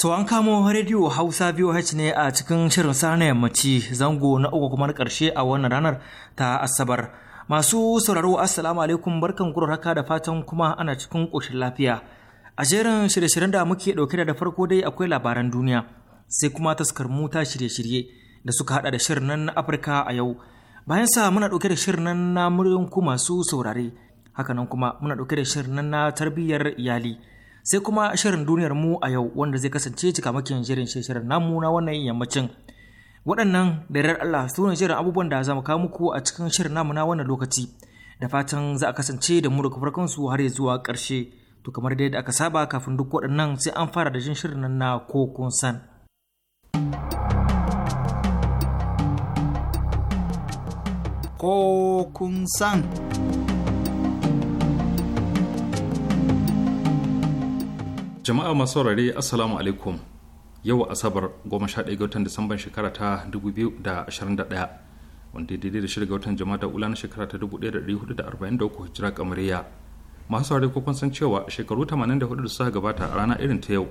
To an kamo rediyo Hausa VOH ne a cikin shirin sana yammaci zango na uku kuma na ƙarshe a wannan ranar ta Asabar. Masu sauraro Assalamu alaikum barkan kurar haka da fatan kuma ana cikin ƙoshin lafiya. A jerin shirye-shiryen da muke ɗauke da farko dai akwai labaran duniya sai kuma taskar muta ta shirye-shirye da suka haɗa da shirin nan na Afirka a yau. Bayan sa muna ɗauke da shirin nan na muryoyin masu saurare. Hakanan kuma muna ɗauke da shirin nan na tarbiyyar iyali. sai kuma shirin duniyar mu a yau wanda zai kasance cikamakin shirin shirin namu na wannan yammacin waɗannan da yarar Allah su ne shirin abubuwan da za mu kawo muku a cikin shirin namu na wannan lokaci da fatan za a kasance da mu da farkon su har zuwa ƙarshe to kamar dai da aka saba kafin duk waɗannan sai an fara da jin shirin nan na ko kun san ko kun san jama'a masu saurare assalamu alaikum yau asabar 11 ga watan disamban shekara ta 2021 wanda daidai da shirga watan jama'a da ula na shekara ta 1443 hijira kamariya masu saurare ko san cewa shekaru 84 da suka gabata a rana irin ta yau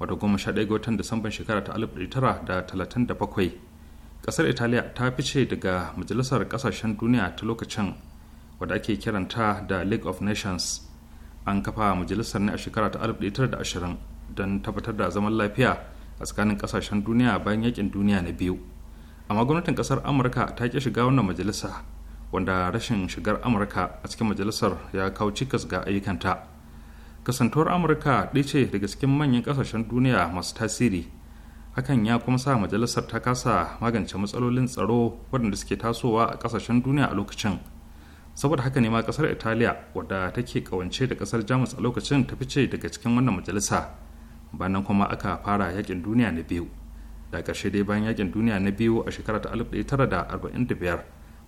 wato 11 ga watan disamban shekara ta 1937 kasar italiya ta fice daga majalisar kasashen duniya ta lokacin wadda ake kiranta da league of nations an kafa majalisar ne a shekara ta 1920 don tabbatar da zaman lafiya a tsakanin kasashen duniya bayan yakin duniya na biyu amma gwamnatin kasar amurka ta ki shiga wannan majalisa wanda rashin shigar amurka a cikin majalisar ya kawo cikas ga ayyukanta kasantuwar amurka ɗaya ce daga cikin manyan kasashen duniya masu tasiri hakan ya kuma sa majalisar ta kasa magance matsalolin tsaro waɗanda suke tasowa a kasashen duniya a lokacin saboda haka ne ma kasar italiya wadda take kawance da kasar jamus a lokacin ta fice daga cikin wannan majalisa bayan kuma aka fara yakin duniya na biyu da ƙarshe dai bayan yakin duniya na biyu a shekara ta 1945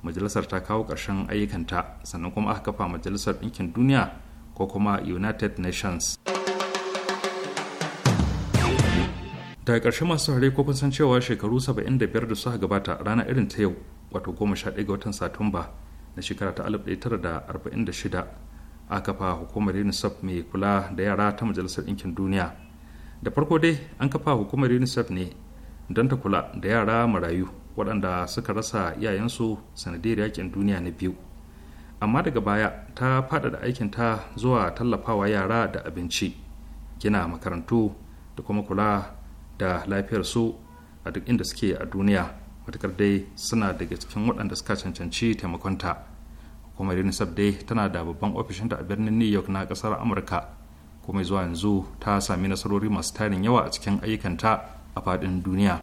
majalisar ta kawo ƙarshen ayyukanta sannan kuma aka kafa majalisar ɗinkin duniya ko kuma united nations daga ƙarshe masu hare ko san cewa shekaru 75 da suka gabata rana irin ta yau wato 11 ga watan satumba na shekara ta 1946 a kafa hukumar unicef mai kula da yara ta majalisar ɗinkin duniya da farko dai an kafa hukumar unicef ne don ta kula da yara marayu waɗanda suka rasa iyayensu sanadiyar yakin duniya na biyu amma daga baya ta faɗaɗa aikinta zuwa tallafawa yara da abinci gina makarantu da kuma kula da lafiyarsu a duk inda suke a duniya matakar dai suna daga cikin waɗanda suka cancanci taimakonta hukumar unicef dai tana da babban ofishin ta a birnin new york na ƙasar amurka kuma zuwa yanzu ta sami nasarori masu tarin yawa a cikin ayyukanta a faɗin duniya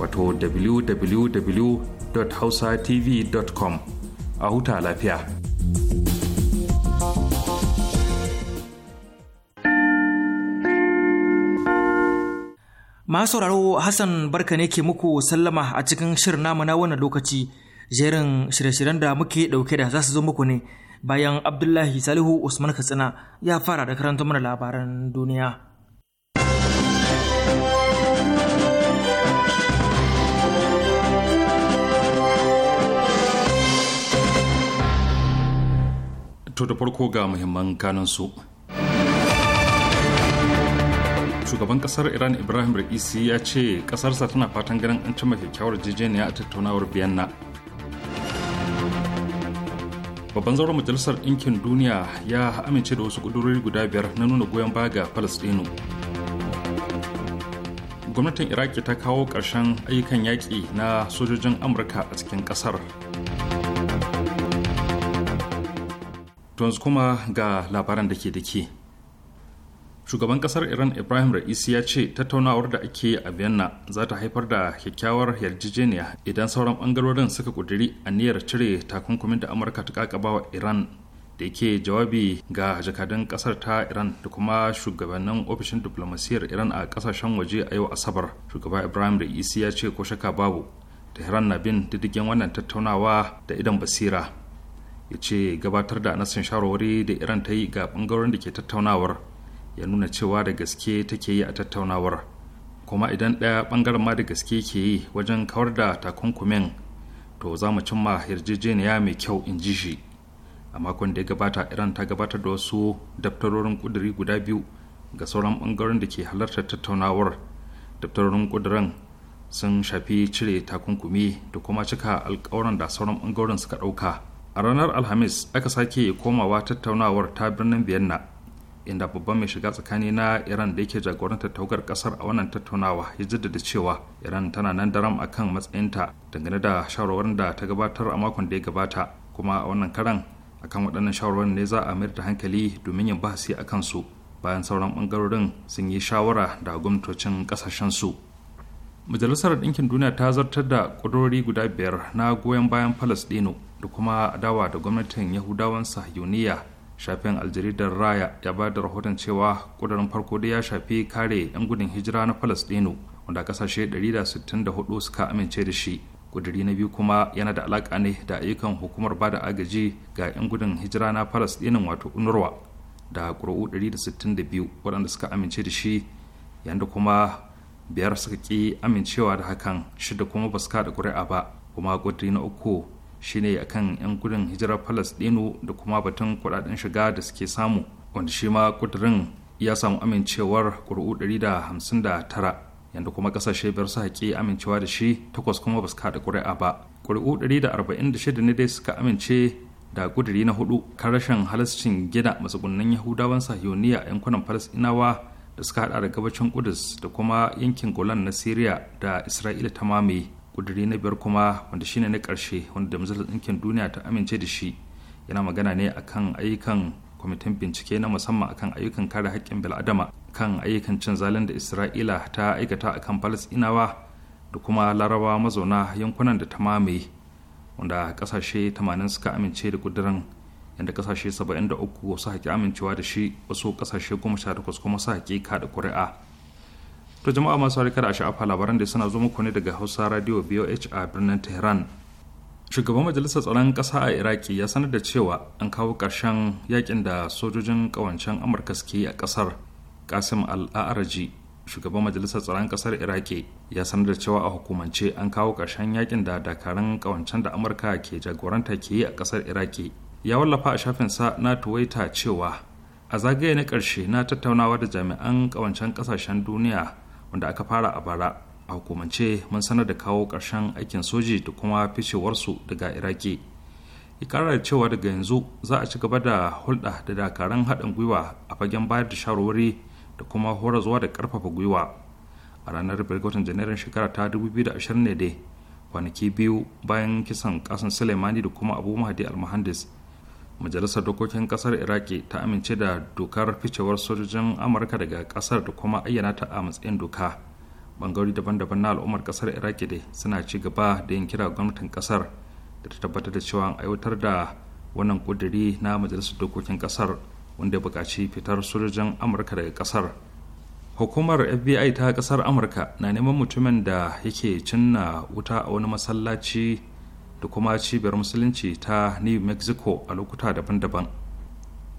wato www.hausatv.com a huta lafiya. Masu sauraro Hassan barka ne ke muku sallama a cikin shirin namu na wannan lokaci jerin shirye-shiryen da muke dauke da za su zo muku ne bayan Abdullahi Salihu Usman Katsina ya fara da karanta mana labaran duniya. fito da farko ga muhimman su. Shugaban kasar Iran Ibrahim Raisi ya ce kasarsa tana fatan ganin an cimma kyakkyawar jijeniya a tattaunawar Vienna. Babban zauren Majalisar Ɗinkin Duniya ya amince da wasu ƙudurori guda biyar na nuna goyon baya ga Falasɗinu. Gwamnatin Iraki ta kawo ƙarshen ayyukan yaƙi na sojojin Amurka a cikin ƙasar. To yanzu kuma ga labaran da ke da ke. Shugaban kasar Iran Ibrahim Ra'isi ya ce tattaunawar da ake a Vienna za ta haifar da kyakkyawar yarjejeniya idan sauran bangarorin suka kuduri niyyar cire takunkumin da Amurka ta kakaba wa Iran da yake jawabi ga jakadun kasar ta Iran da kuma shugabannin ofishin diplomasiyyar Iran a kasashen waje a yau Asabar. Shugaba Ibrahim Ra'isi ya ce ko shaka babu. Tehran na bin diddigin wannan tattaunawa da idan basira. ya ce gabatar da anasin shawarwari da iran ta yi ga bangaren da ke tattaunawar ya nuna cewa da gaske take yi a tattaunawar kuma idan ɗaya bangaren ma da gaske ke yi wajen kawar da takunkumin to za mu cimma yarjejeniya mai kyau in ji shi a makon da ya gabata iran ta gabatar da wasu daftarorin kuduri guda biyu ga sauran bangaren da ke halartar tattaunawar daftarorin kuduran sun shafi cire takunkumi da kuma cika alkawaran da sauran bangaren suka ɗauka a ranar alhamis aka sake komawa tattaunawar ta birnin vienna inda babban mai shiga tsakani na iran da yake jagorantar tawagar kasar a wannan tattaunawa ya jaddada cewa iran tana nan daram a kan matsayinta dangane da shawarwarin da ta gabatar a makon da ya gabata kuma a wannan karan akan waɗannan shawarwarin ne za a mayar da hankali domin yin bahasi a kansu bayan sauran ɓangarorin sun yi shawara da gwamnatocin ƙasashensu majalisar ɗinkin duniya ta zartar da ƙudurori guda biyar na goyon bayan palestino da kuma adawa da gwamnatin yahudawan sahiyoniya shafin aljaridar raya ya ba da rahoton cewa ƙudurin farko da ya shafi kare 'yan gudun hijira na palestino wanda ƙasashe 164 suka amince da shi ƙuduri na biyu kuma yana da alaƙa ne da ayyukan hukumar ba da agaji ga 'yan gudun hijira na palestinin wato unurwa da ƙuri'u 162 waɗanda suka amince da shi yanda kuma biyar suka ki amincewa da hakan shida kuma ba su kada ƙuri'a ba kuma ƙudiri na uku shine akan 'yan gudun hijirar ɗinu da kuma batun kuɗaɗen shiga da suke samu wanda shi ma ƙudirin ya samu amincewar ƙuri'u 159 yanda kuma ƙasashe biyar su haƙi amincewa da shi takwas kuma ba su kaɗa ƙuri'a ba ƙuri'u 146 ne dai suka amince da ƙudiri na hudu kan rashin halascin gina matsugunan yahudawan sahiyoniya a yankunan inawa. da suka hada da gabacin kudus da kuma yankin golan na syria da isra'ila ta mamaye kuduri na biyar kuma wanda shine na karshe wanda majalisar ɗinkin duniya ta amince da shi yana magana ne akan ayyukan kwamitin bincike na musamman akan ayyukan kare haƙƙin bil'adama kan ayyukan cin zalin da isra'ila ta aikata akan falasɗinawa da kuma laraba mazauna yankunan da ta mame wanda ƙasashe 80 suka amince da kudurin inda kasashe 73 su haƙi amincewa da shi wasu kasashe 18 kuma su haƙi kaɗa ƙuri'a to jama'a masu harika da sha'afa labaran da suna zo muku ne daga hausa radio boh a birnin tehran shugaban majalisar tsaron ƙasa a iraki ya sanar da cewa an kawo ƙarshen yakin da sojojin ƙawancen amurka suke yi a ƙasar kasim alarji shugaban majalisar tsaron ƙasar iraki ya sanar da cewa a hukumance an kawo ƙarshen yakin da dakarun ƙawancen da amurka ke jagoranta ke yi a ƙasar iraki ya wallafa a shafinsa na tuwaita cewa a zagaye na karshe na tattaunawa da jami'an ƙawancen ƙasashen duniya wanda aka fara a bara a hukumance mun sanar da kawo ƙarshen aikin soji da kuma ficewarsu daga iraki da cewa daga yanzu za a ci gaba da hulɗa da dakarun haɗin gwiwa a fagen bayar da shawarwari da kuma horazuwa da ƙarfafa gwiwa a ranar birgotan janairun shekara ta 2020 ne dai kwanaki biyu bayan kisan kasan suleimani da kuma abu mahadi muhandis. majalisar dokokin kasar iraki ta amince da dokar ficewar sojojin amurka daga kasar da kuma ayyana ta a matsayin doka bangarori daban-daban na al'ummar kasar iraki dai suna ci gaba da yin kira gwamnatin kasar da ta tabbatar da cewa an aiwatar da wannan kuduri na majalisar dokokin kasar wanda ya buƙaci fitar sojojin amurka daga kasar hukumar fbi ta kasar amurka na neman mutumin da yake cinna wuta a wani masallaci da kuma cibiyar musulunci ta new mexico a lokuta daban-daban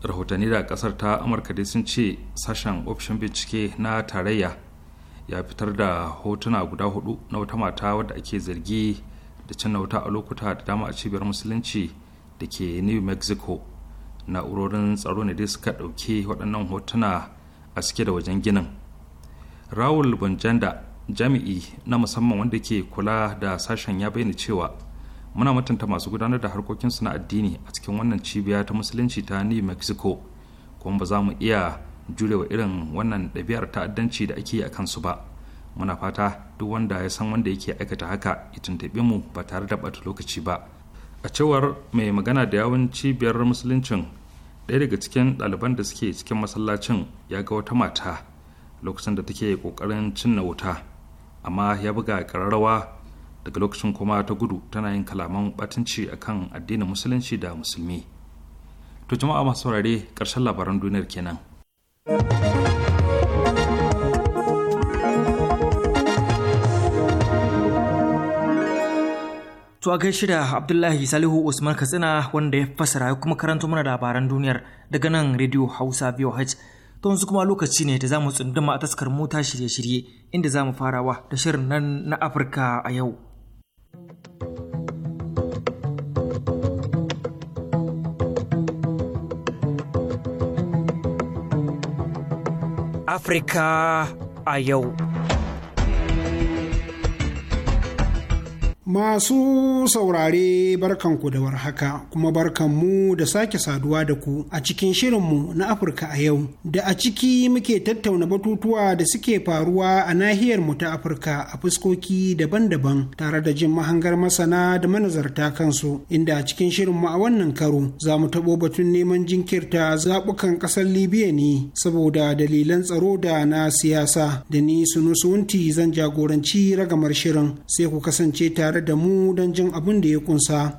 rahotanni da kasar ta amurka dai sun ce sashen ofishin bincike na tarayya ya fitar da hotuna guda hudu na wata mata wadda ake zargi da cin wuta a lokuta da dama a cibiyar musulunci da ke new mexico na'urorin tsaro ne dai suka ɗauki waɗannan hotuna a cike da wajen ginin rawul banjanda jami'i na musamman wanda ke kula da sashen ya bayyana cewa muna mutunta masu gudanar da harkokinsu na addini a cikin wannan cibiya ta musulunci ta new mexico kuma ba za mu iya jurewa irin wannan ɗabi'ar ta'addanci da ake yi a kansu ba muna fata duk wanda ya san wanda yake aikata haka ya tuntaɓe mu ba tare da ɓata lokaci ba a cewar mai magana da yawon cibiyar musuluncin ɗaya daga cikin ɗaliban da suke cikin masallacin ya ga wata mata lokacin da take ƙoƙarin cinna wuta amma ya buga ƙararrawa daga lokacin kuma ta gudu tana yin kalaman batunci a kan addinin musulunci da musulmi to jama'a masu saurare karshen labaran duniyar kenan To a gaishe da Abdullahi Salihu Usman Katsina wanda ya fassara ya kuma karanto mana labaran duniyar daga nan Radio Hausa VOH. To yanzu kuma lokaci ne da za mu tsunduma a taskar mota shirye-shirye inda za mu farawa da shirin nan na Afirka a yau. Afirka a yau. Masu saurare barkanku da warhaka kuma barkanmu da sake saduwa da ku a cikin shirinmu na Afirka a yau da a ciki muke tattauna batutuwa da suke faruwa a nahiyar mu ta Afirka a fuskoki daban-daban tare da jin mahangar masana da manazarta kansu inda a cikin shirinmu a wannan karo za mu taɓo batun neman jinkirta zaɓukan ƙasar Libya ne saboda dalilan tsaro da na siyasa da ni Sunusunti zan jagoranci ragamar shirin sai ku kasance tare da mu don jin abin da ya kunsa.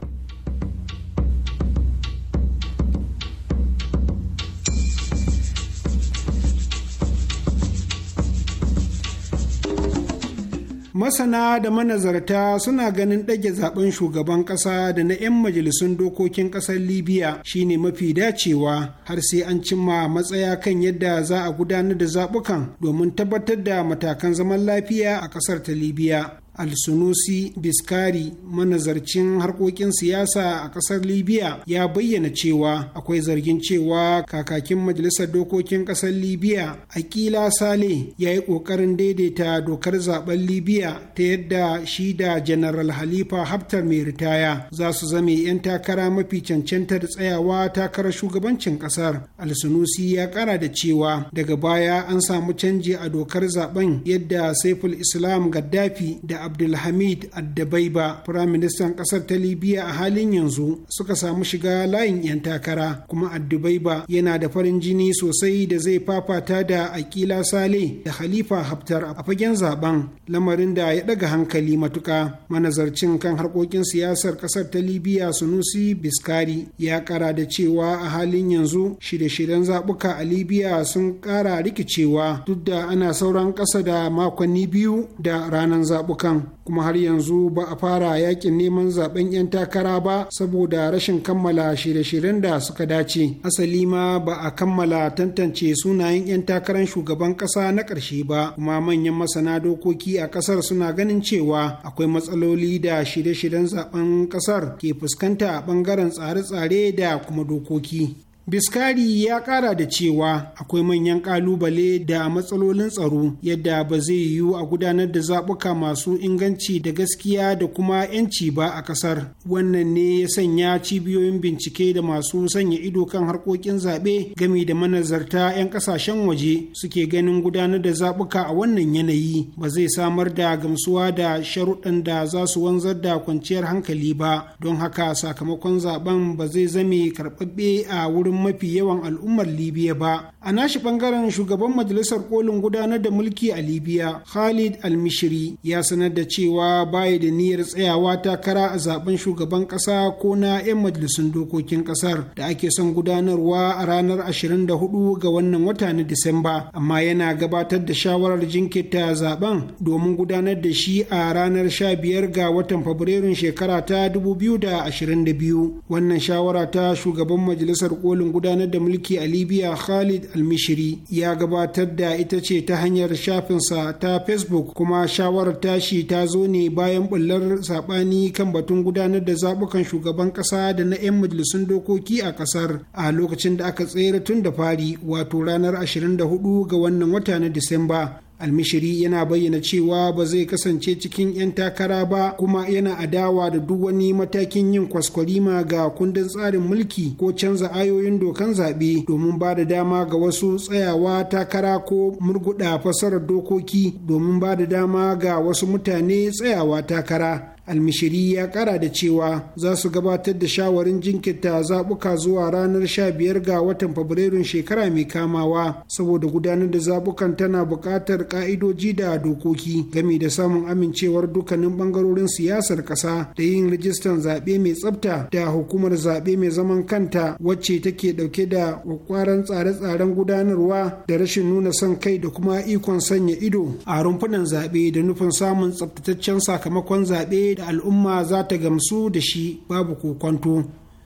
masana da manazarta suna ganin ɗage zaben shugaban ƙasa da na 'yan majalisun dokokin ƙasar libya shine mafi dacewa har sai an cimma matsaya kan yadda za a gudanar da zaɓukan domin tabbatar da matakan zaman lafiya a ƙasar ta libya alsunusi biskari manazarcin harkokin siyasa a kasar libya ya bayyana cewa akwai zargin cewa kakakin majalisar dokokin kasar libya akila sale ya yi kokarin daidaita dokar zaben libya ta yadda shi da janaral halifa haftar mai ritaya za su zame 'yan takara mafi cancanta da tsayawa takarar shugabancin kasar alsunusi ya kara da cewa daga baya an samu canji a dokar zaben yadda saiful islam gaddafi da abdulhamid addabaiba firaministan ƙasar ta libya a halin yanzu suka samu shiga layin 'yan takara kuma addabaiba yana da farin jini sosai da zai fafata da akila sale da khalifa haftar a fagen zaben lamarin da ya daga hankali matuƙa. manazarcin kan harkokin siyasar ƙasar ta libya sunusi biskari ya kara da cewa a halin yanzu shirye-shiryen zabuka a libya sun ƙara rikicewa duk da ana sauran ƙasa da makonni biyu da ranar zaɓukan Sudan kuma har yanzu ba a fara yakin neman zaben 'yan takara ba saboda rashin kammala shirye-shiryen da suka dace asali ma ba a kammala tantance sunayen 'yan takarar shugaban ƙasa na ƙarshe ba kuma manyan masana dokoki a ƙasar suna ganin cewa akwai matsaloli da shirye-shiryen zaben ƙasar ke fuskanta a ɓangaren tsare-tsare da kuma dokoki Biskari ya ƙara da cewa akwai manyan ƙalubale da matsalolin tsaro yadda ba zai yiwu a gudanar da zaɓuka masu inganci da gaskiya da kuma 'yanci ba a ƙasar. Wannan ne ya sanya cibiyoyin bincike da masu sanya ido kan harkokin zaɓe gami da manazarta 'yan ƙasashen waje suke ganin gudanar da zaɓuka a wannan yanayi ba zai samar da gamsuwa da sharuɗan da za su wanzar da kwanciyar hankali ba don haka sakamakon zaɓen ba zai zame karɓaɓɓe a wurin ra'ayoyin mafi yawan al'ummar libya ba a nashi bangaren shugaban majalisar kolin gudanar da mulki a libya khalid al almishiri ya sanar da cewa baya da niyyar tsayawa takara a zaben shugaban kasa ko na 'yan majalisun dokokin kasar da ake son gudanarwa a ranar 24 ga wannan wata na disamba amma yana gabatar da shawarar jinkirta zaben domin gudanar da shi a ranar 15 ga watan fabrairun shekara ta 2022 wannan shawara ta shugaban majalisar kolin tsarin gudanar da mulki a libya khalid almishiri ya gabatar da ita ce ta hanyar shafinsa ta facebook kuma shawarar tashi ta zo ne bayan bullar saɓani kan batun gudanar da zaɓukan shugaban ƙasa da na 'yan majalisun dokoki a ƙasar a lokacin da aka tsere tun da fari wato ranar 24 ga wannan wata na disamba almishiri yana bayyana cewa ba zai kasance cikin 'yan takara ba kuma yana adawa da duk wani matakin yin kwaskwarima ga kundin tsarin mulki ko canza ayoyin dokan zaɓe domin ba da dama ga wasu tsayawa takara ko murguɗa fasarar dokoki domin ba da dama ga wasu mutane tsayawa takara almishiri ya kara da cewa za su gabatar da shawarin jinkirta zabuka zuwa ranar 15 ga watan fabrairun shekara mai kamawa saboda gudanar da zabukan tana bukatar ka'idoji da dokoki game da samun amincewar dukkanin bangarorin siyasar ƙasa da yin rijistan zaɓe mai tsafta da hukumar zaɓe mai zaman kanta wacce take ɗauke da kwakwaran tsare-tsaren gudanarwa da rashin nuna son kai da kuma ikon sanya ido a rumfunan zaɓe da nufin samun tsaftataccen sakamakon zaɓe da al'umma za ta gamsu da shi babu kokwanto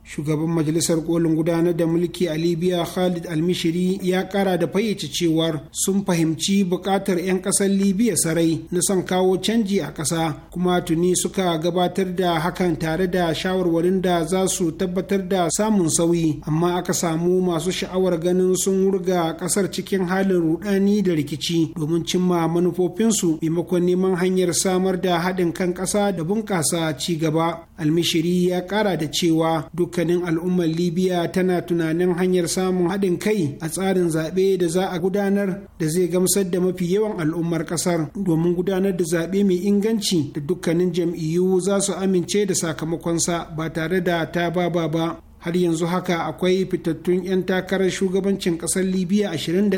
shugaban majalisar kolin gudanar da mulki a libya khalid almishiri ya kara da fayyace cewar sun fahimci bukatar 'yan kasar libya sarai na son kawo canji a ƙasa kuma tuni suka gabatar da hakan tare da shawarwarin da za su tabbatar da samun sauyi amma aka samu masu sha'awar ganin sun wurga ƙasar cikin halin rudani da rikici domin cimma manufofinsu maimakon neman hanyar samar da haɗin kan ƙasa da bunƙasa ci gaba almishiri ya kara da cewa duk dukkanin al'ummar libiya tana tunanin hanyar samun haɗin kai a tsarin zaɓe da za a gudanar da zai gamsar da mafi yawan al'ummar ƙasar domin gudanar da zaɓe mai inganci da dukkanin jam'iyyu za su amince da sakamakonsa ba tare da ta ba ba har yanzu haka akwai fitattun 'yan takarar shugabancin ƙasar libya 21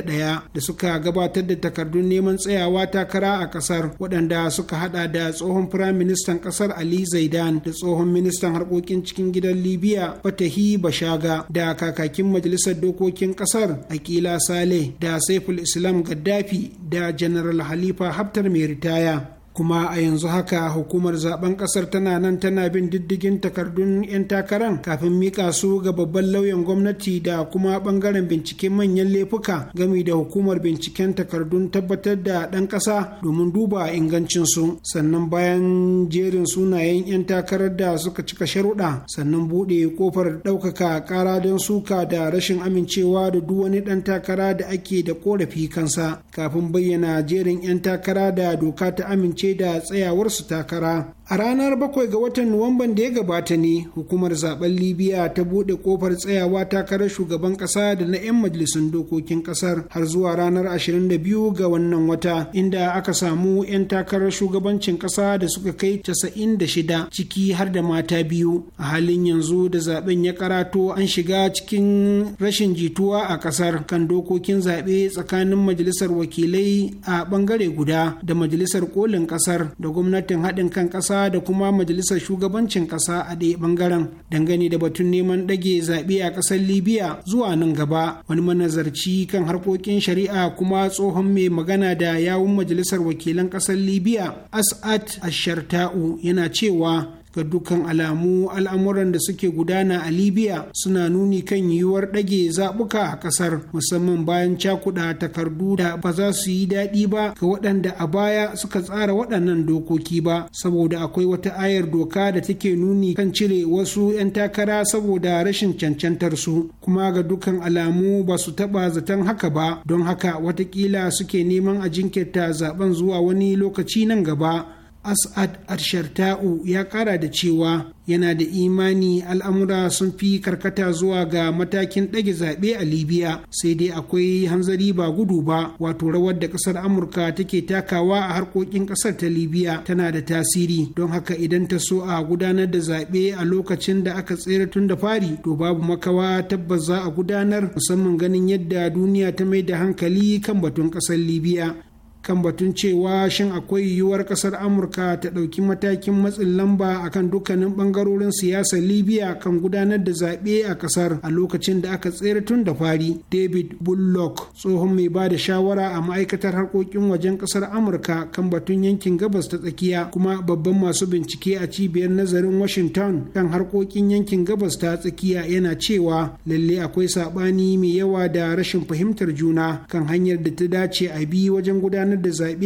da suka gabatar da takardun neman tsayawa takara a ƙasar waɗanda suka hada da tsohon firaministan ƙasar ali zaidan da tsohon ministan harkokin cikin gidan libya fatahi bashaga da kakakin majalisar dokokin kasar akila saleh da saiful islam gaddafi da general halifa haftar mai ritaya kuma a yanzu haka hukumar zaben kasar tana nan tana bin diddigin takardun 'yan takaran kafin mika su ga babban lauyan gwamnati da kuma bangaren binciken manyan laifuka gami da hukumar binciken takardun tabbatar da ɗan ƙasa domin duba ingancin su sannan bayan jerin sunayen 'yan takarar da suka cika sharuɗa sannan buɗe kofar ɗaukaka ƙara don suka da rashin amincewa da duk wani ɗan takara da ake da ƙorafi kansa kafin bayyana jerin 'yan takara da doka ta amince ce da tsayawarsu takara A ranar bakwai ga watan Nuwamban da ya gabata ne hukumar zaben Libya ta buɗe kofar tsayawa takarar shugaban ƙasa da na 'yan majalisun dokokin ƙasar har zuwa ranar 22 ga wannan wata inda aka samu 'yan takarar shugabancin ƙasa da suka kai 96 ciki har da mata biyu. A halin yanzu da zaben ya karato an shiga cikin rashin jituwa a ƙasar kan dokokin zaɓe tsakanin majalisar wakilai a ɓangare guda da majalisar kolin ƙasar da gwamnatin haɗin kan ƙasa da kuma majalisar shugabancin ƙasa a ɗaya ɓangaren dangane da batun neman ɗage zaɓe a ƙasar libya zuwa nan gaba wani manazarci kan harkokin shari'a kuma tsohon mai magana da yawun majalisar wakilan ƙasar libya as'ad asharta'u yana cewa ga dukkan alamu al'amuran da suke gudana a libya suna nuni kan yiwuwar ɗage zaɓuka a ƙasar musamman bayan cakuɗa takardu da ba za su yi daɗi ba ga waɗanda a baya suka tsara waɗannan dokoki ba saboda akwai wata ayar doka da take nuni kan cire wasu 'yan takara saboda rashin cancantar su kuma ga dukkan alamu ba su taɓa zaton haka ba don haka watakila suke neman a jinkirta zaben zuwa wani lokaci nan gaba as'ad arsharta'u ya kara da cewa yana da imani al'amura sun fi karkata zuwa ga matakin ɗage zaɓe a libya sai dai akwai hanzari ba gudu ba wato rawar da ƙasar amurka take takawa a harkokin ƙasar ta libya tana da tasiri don haka idan ta so a gudanar da zaɓe a lokacin da aka tsere tun da fari to babu makawa tabbas za a gudanar musamman ganin yadda duniya ta mai da hankali kan batun ƙasar libya kan batun cewa shin akwai yiwuwar kasar amurka ta ɗauki matakin matsin lamba akan dukkanin ɓangarorin siyasar libya kan gudanar da zaɓe a ƙasar a lokacin da aka tsere tun da fari david bullock tsohon mai ba da shawara a ma'aikatar harkokin wajen kasar amurka kan batun yankin gabas ta tsakiya kuma babban masu bincike a cibiyar nazarin washington kan harkokin yankin gabas ta tsakiya yana cewa lalle akwai saɓani mai yawa da rashin fahimtar juna kan hanyar da ta dace a bi wajen gudanar gudanar da zaɓe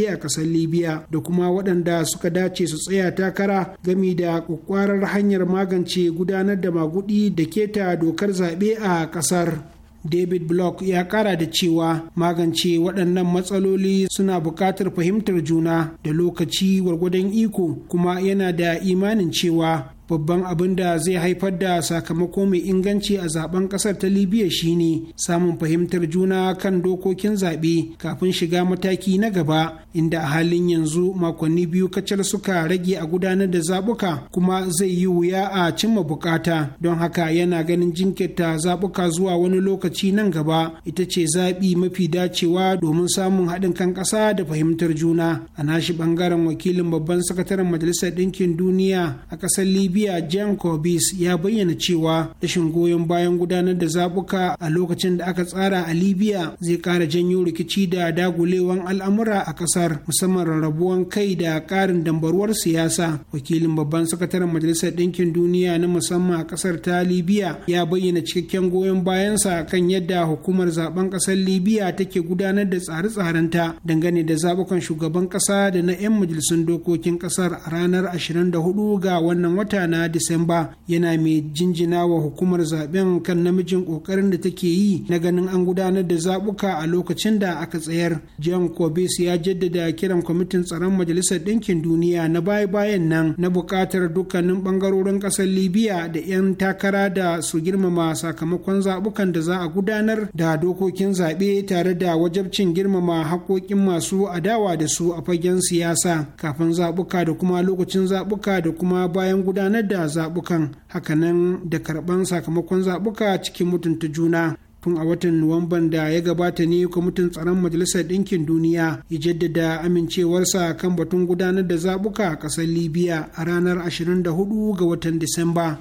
a ƙasar libya da kuma waɗanda suka dace su tsaya takara gami da ƙwaƙƙwarar hanyar magance gudanar da magudi da keta dokar zaɓe a ƙasar David Block ya ƙara da cewa magance waɗannan matsaloli suna buƙatar fahimtar juna da lokaci gwargwadon iko kuma yana da imanin cewa babban abin da zai haifar da sakamako mai inganci a zaben kasar ta libya shine samun fahimtar juna kan dokokin zaɓe kafin shiga mataki na gaba inda a halin yanzu makonni biyu kacal suka rage a gudanar da zaɓuka kuma zai yi wuya a cimma bukata don haka yana ganin jinkirta zaɓuka zuwa wani lokaci nan gaba ita ce zaɓi mafi dacewa domin samun haɗin kan ƙasa da fahimtar juna a nashi ɓangaren wakilin babban sakataren majalisar ɗinkin duniya a ƙasar libya turkiya jan kobis ya bayyana cewa rashin goyon bayan gudanar da zabuka a lokacin da aka tsara a libya zai kara janyo rikici da dagulewan al'amura a kasar musamman rarrabuwan kai da karin dambaruwar siyasa wakilin babban sakataren majalisar ɗinkin duniya na musamman a kasar ta libya ya bayyana cikakken goyon bayansa kan yadda hukumar zaben kasar libya take gudanar da tsare-tsarenta dangane da zabukan shugaban kasa da na 'yan majalisun dokokin kasar a ranar 24 ga wannan wata na disamba yana mai jinjina wa hukumar zaben kan namijin kokarin da take yi na ganin an gudanar da zabuka a lokacin da aka tsayar jean kobes ya jaddada kiran kwamitin tsaron majalisar ɗinkin duniya na baya-bayan nan na buƙatar dukkanin ɓangarorin ƙasar libya da 'yan takara da su girmama sakamakon zabukan da za a gudanar da dokokin zaɓe tare da wajabcin girmama haƙoƙin masu adawa da su a fagen siyasa kafin zabuka da kuma lokacin zabuka da kuma bayan gudanar gudanar da zaɓukan hakanan da karɓan sakamakon zaɓuka cikin mutunta juna tun a watan nuwamban da ya gabata ne kwamitin tsaron majalisar ɗinkin duniya ya jaddada amincewarsa kan batun gudanar da zaɓuka a ƙasar libya a ranar 24 ga watan disamba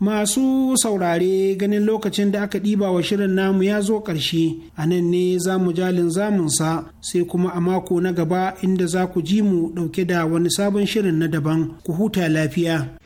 masu saurare ganin lokacin da aka ɗiba wa shirin namu ya zo ƙarshe a nan ne za mu jalin zamunsa sai kuma a mako na gaba inda za ku ji mu ɗauke da wani sabon shirin na daban ku huta lafiya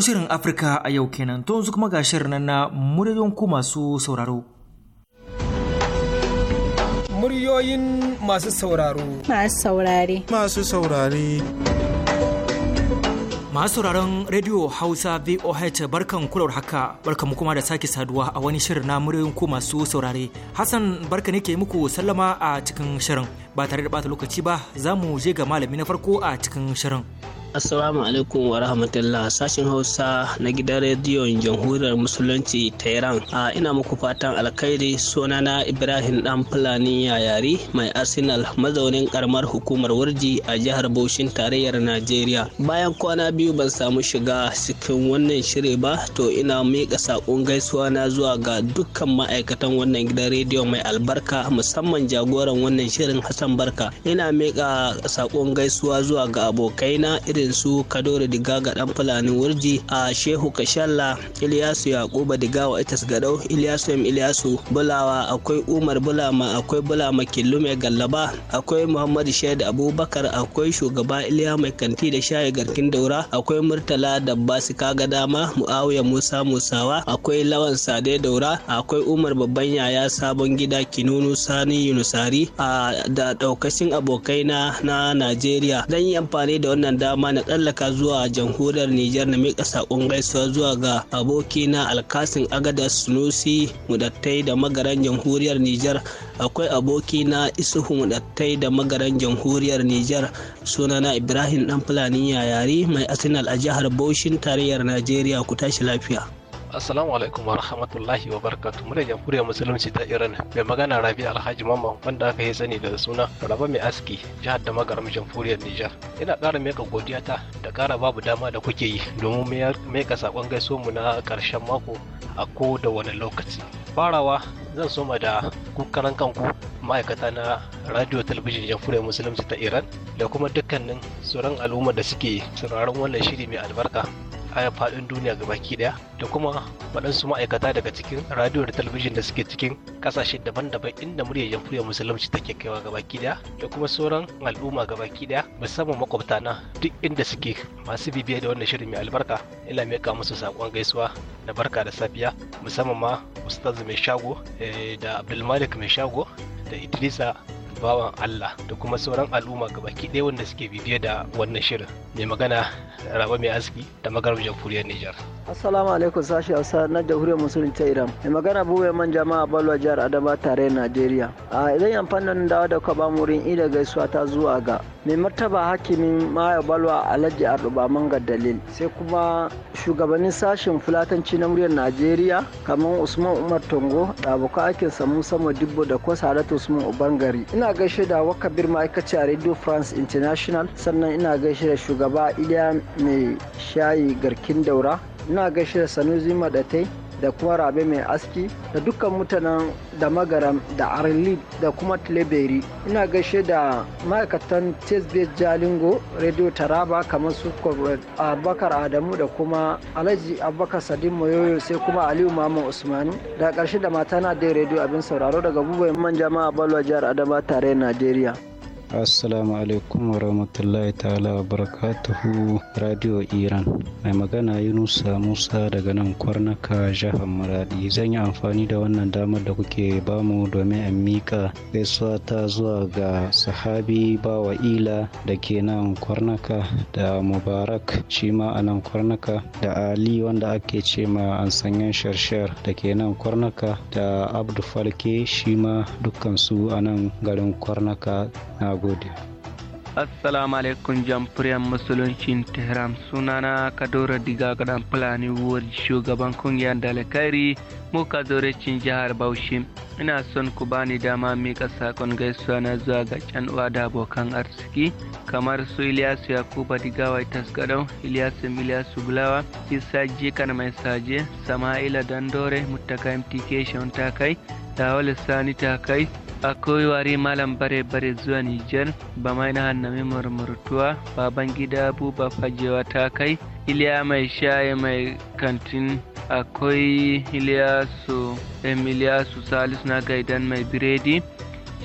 To shirin Afirka a yau kenan to yanzu kuma ga shirin nan na muryoyin ku masu sauraro. Muryoyin masu sauraro. Masu saurare. Masu saurare. Masu sauraron Radio Hausa VOH barkan kular haka barkan mu kuma da sake saduwa a wani shirin na muryoyin ku masu saurare. Hassan barka ne ke muku sallama a cikin shirin ba tare da bata lokaci ba za mu je ga malami na farko a cikin shirin. Assalamu alaikum wa rahmatullah sashen Hausa na gidan rediyon Jamhuriyar Musulunci ta A ina muku fatan alkhairi sunana Ibrahim Dan Fulani Yayari mai Arsenal mazaunin karamar hukumar Warji a jihar Bauchin tarayyar Najeriya. Bayan kwana biyu ban samu shiga cikin wannan shiri ba to ina miƙa saƙon gaisuwa na zuwa ga dukkan ma'aikatan wannan gidan rediyo mai albarka musamman jagoran wannan shirin Hassan Barka. Ina miƙa saƙon gaisuwa zuwa ga abokaina irin su kadoro digaga dan fulani wurji a shehu kashalla iliyasu yakuba digawa itas gadau iliyasu m iliyasu bulawa akwai umar bulama akwai bulama killume gallaba akwai muhammad shaidu abubakar akwai shugaba iliya mai kanti da shayi garkin daura akwai murtala da basu kaga dama muawiya musa musawa akwai lawan sade daura akwai umar babban yaya sabon gida kinunu sani yunusari a da daukashin abokaina na najeriya zan yi amfani da wannan dama na tsallaka zuwa jamhuriyar Nijar na miƙa saƙon gaisuwa zuwa ga abokina Alkasin agada Sunusi Mudattai da magaran jamhuriyar Nijar akwai abokina Isuhu Mudattai da magaran jamhuriyar Nijar sunana Ibrahim ɗan Fulani Yayari mai asinal a jihar Bauchi tarayyar Najeriya ku tashi lafiya. Assalamu alaikum wa rahmatullahi wa barakatuh. Mu da jamhuriyar musulunci ta Iran mai magana Rabi Alhaji Mamman wanda aka yi sani da suna Raba mai aski jihar da magaram jamhuriyar Nijar. Ina ƙara meka godiyata da ƙara babu dama da kuke yi domin meka sakon gaiso mu na ƙarshen mako a ko da wani lokaci. Farawa zan soma da kukaran kanku ma'aikata na radio talabijin jamhuriyar musulunci ta Iran da kuma dukkanin tsoron al'umma da suke sauraron wannan shiri mai albarka. a faɗin duniya gabaki ɗaya da kuma waɗansu ma'aikata daga cikin radiyo da talabijin da suke cikin ƙasashe daban-daban inda muryar jamhuriyar musulunci take kaiwa ga baki ɗaya da kuma sauran al'umma ga baki ɗaya musamman makwabta na duk inda suke masu bibiya da wannan shirin mai albarka ina miƙa musu saƙon gaisuwa da barka da safiya musamman ma ustaz mai shago eh, da abdulmalik mai shago da idrisa bawan Allah da kuma sauran al'umma gabaki ɗaya wanda suke bibiye da wannan shirin mai magana raba mai aski da magaram jamhuriyar Nijar. Assalamu alaikum sashi Hausa na jamhuriyar musulun ta Iran. Mai magana manja man jama'a Balwa jihar Adama tare Najeriya. A idan yan fannin dawa da kwa bamu rin ida gaisuwa ta zuwa ga mai martaba hakimin Maya Balwa Alhaji Arduba Manga Dalil sai kuma shugabannin sashen fulatanci na muryar Najeriya kamar Usman Umar Tongo da abokan aikinsa Musa Madibbo da Kwasa Usman Ubangari. Ina ina gaishe da wakabir ma'aikaci a radio france international sannan ina gaishe da shugaba iliya mai shayi garkin daura ina gaishe da sanusi madatai da kuma rabe mai aski da dukkan mutanen da magaram da arlib da kuma tileberi ina gaishe da ma'aikatan tesbe jalingo radio taraba kamar su abakar adamu da kuma alhaji abakar sadin moyoyo sai kuma aliyu mamman usmani da karshe da matana da radio abin sauraro daga bubai man jama'a balwa jihar adama tare najeriya Assalamu alaikum wa rahmatullahi ta'ala wa barakatuhu Radio Iran. Mai magana Yunusa Musa daga nan kwarnaka jihar Maradi. Zan yi amfani da wannan damar da kuke bamu domin in mika gaisuwa ta zuwa ga sahabi bawa ila da ke nan kwarnaka da Mubarak shi ma a nan kwarnaka da Ali wanda ake ce ma an sanyan sharshar da ke nan kwarnaka da Abdu Falke shi ma dukkansu a nan garin kwarnaka. Na gode. assalamu alaikum jamhuriyar musuluncin tehran sunana kadora diga gadan fulani ward shugaban kungiyar dalakari muka zorecin jihar Bauchi. Ina son ku bani dama miƙa saƙon gaisuwa na zuwa ga can uwa da abokan arziki kamar su Ilyasu Yakuba Digawai Tasgadau, Ilyasu Miliyasu Bulawa, Isa Jikan Mai Saje, Sama'ila Dandore, Mutaka MTK takai Dawal Sani Takai, akwai wari malam bare bare zuwa Nijar, mai na hannami murmurtuwa, Babangida Buba Fajewa Takai, Iliya mai shayi mai kantin akwai Iliyasu su Salisu na gaidan mai biredi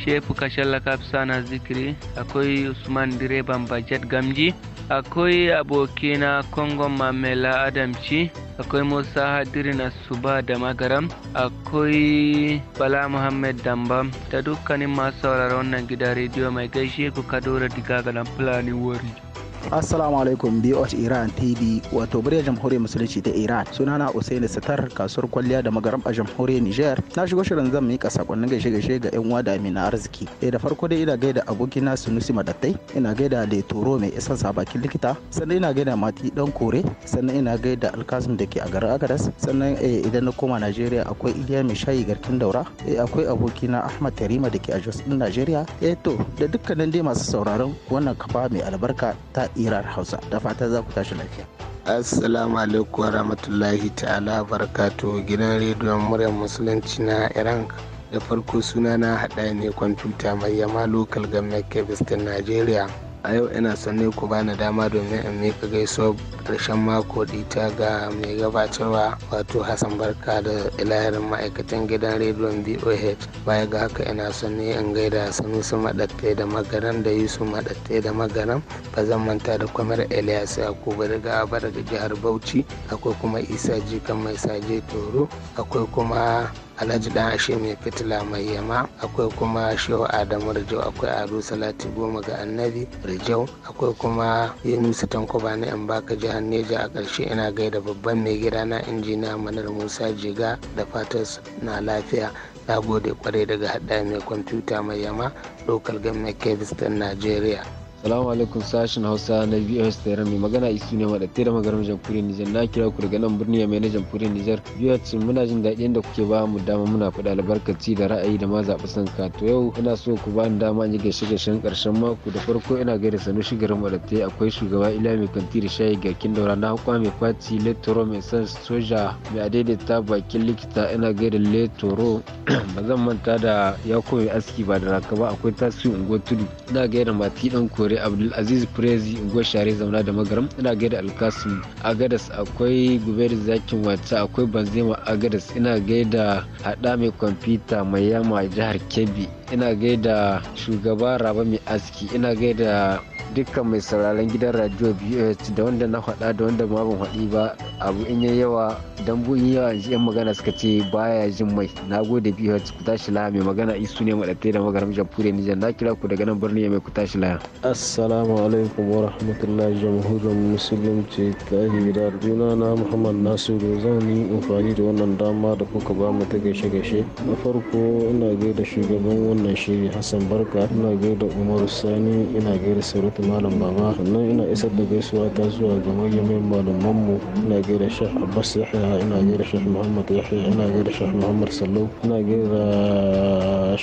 Shefu Kashalla Kafsa na zikiri akwai Usman direban bajet gamji akwai abokina kongon mamela adamci akwai musa hadiri na suba da magaram akwai bala muhammed dambam ta dukkanin masu sauraron wannan gida rediyo mai gaishe ku kadora diga ga fulani wari assalamu alaikum boh iran tv wato murya jamhuriyar musulunci ta iran sunana usaini sitar kasuwar kwalliya da magaram a jamhuriyar niger na shigo shirin zan mika sakonnin gaishe gaishe ga yan uwa da amina arziki eh da farko dai ina gaida abokina sunusi madattai ina gaida Toro mai isan bakin likita sannan ina gaida mati dan kore sannan ina gaida alkasim da ke a garin agadas sannan eh, idan na koma najeriya akwai iliya mai shayi garkin daura eh, akwai abokina ahmad tarima da ke a jos din najeriya eh to da dukkanin dai masu sauraron wannan kafa mai albarka ta irar hausa da fata za ku tashi lafiya assalamu alaikum wa rahmatullahi ta'ala barakatu gidan rediyon muryar musulunci na iran da farko suna na haɗa ne kwamfuta mai yama lokal gwamnati kebis ta nigeria a yau ina son ne ku bani dama domin in mika gaisuwa ƙarshen mako dita ga mai gabatarwa wato hassan barka da ilayarin ma'aikatan gidan rediyon boh baya ga haka ina son ne in gaida sanusi maɗatte da magaran da yusuf maɗatte da magaran ba zan manta da kwamar elias yakubu daga abar da jihar bauchi akwai kuma isa jikan mai saje toro akwai kuma alhaji dan ashe mai fitila mai yama akwai kuma shehu adamu rijau akwai ado salati goma ga annabi rijau akwai kuma yunusa tankoba na yan baka jihar neja a ƙarshe ina gaida babban mai gida na injiniya manar musa jiga da fatas na lafiya na gode kwarai daga hada mai kwamfuta mai yama lokal government kebis ɗin najeriya Salamu alaikum sashen Hausa na VOS Tehran mai magana isu ne ɗattai da magaram jamhuriyar Nijar na kira ku daga nan birni mai na jamhuriyar Nijar. VOS muna jin daɗin da kuke ba mu dama muna faɗa albarkaci da ra'ayi da ma zaɓi ka To yau ina so ku ba ni dama in yi gaishe ƙarshen mako da farko ina gaida sanu shigarin ɗattai akwai shugaba Ila mai kanti da shayi gakin daura na hukwa mai faci letoro mai san soja mai adaidaita bakin likita ina gaida letoro ba zan manta da ya mai aski ba da raka ba akwai tasiri unguwar tudu ina gaida mati ɗan kore share abdulaziz prezi unguwar share zauna da magaram ina gaida alkasim agadas akwai guberin zakin wata akwai banzema agadas ina gaida hada mai kwamfuta mai yama jihar kebbi ina gaida shugaba raba mai aski ina gaida dukkan mai sauraron gidan radio BH da wanda na faɗa da wanda ma ban faɗi ba abu in yi yawa don bu in yawa yan magana suka ce baya jin mai gode BH ku tashi laya mai magana isu ne madatai da magaram jamhuriyar Nijar na kira ku daga nan birnin ya mai ku tashi laya assalamu alaikum wa rahmatullahi jamhuriyar musulunci ta hira juna na Muhammad Nasiru zan yi amfani da wannan dama da kuka ba mu ta gaishe gaishe na farko ina gaida shugaban wannan shiri Hassan Barka ina gaida Umar Sani ina gaida Sarautu malam baba sannan ina isar da gaisuwa ta zuwa ga manyan malamanmu ina gaida shah abbas yahya ina gaida shah muhammad yahya ina gaida shah muhammad sallau ina gaida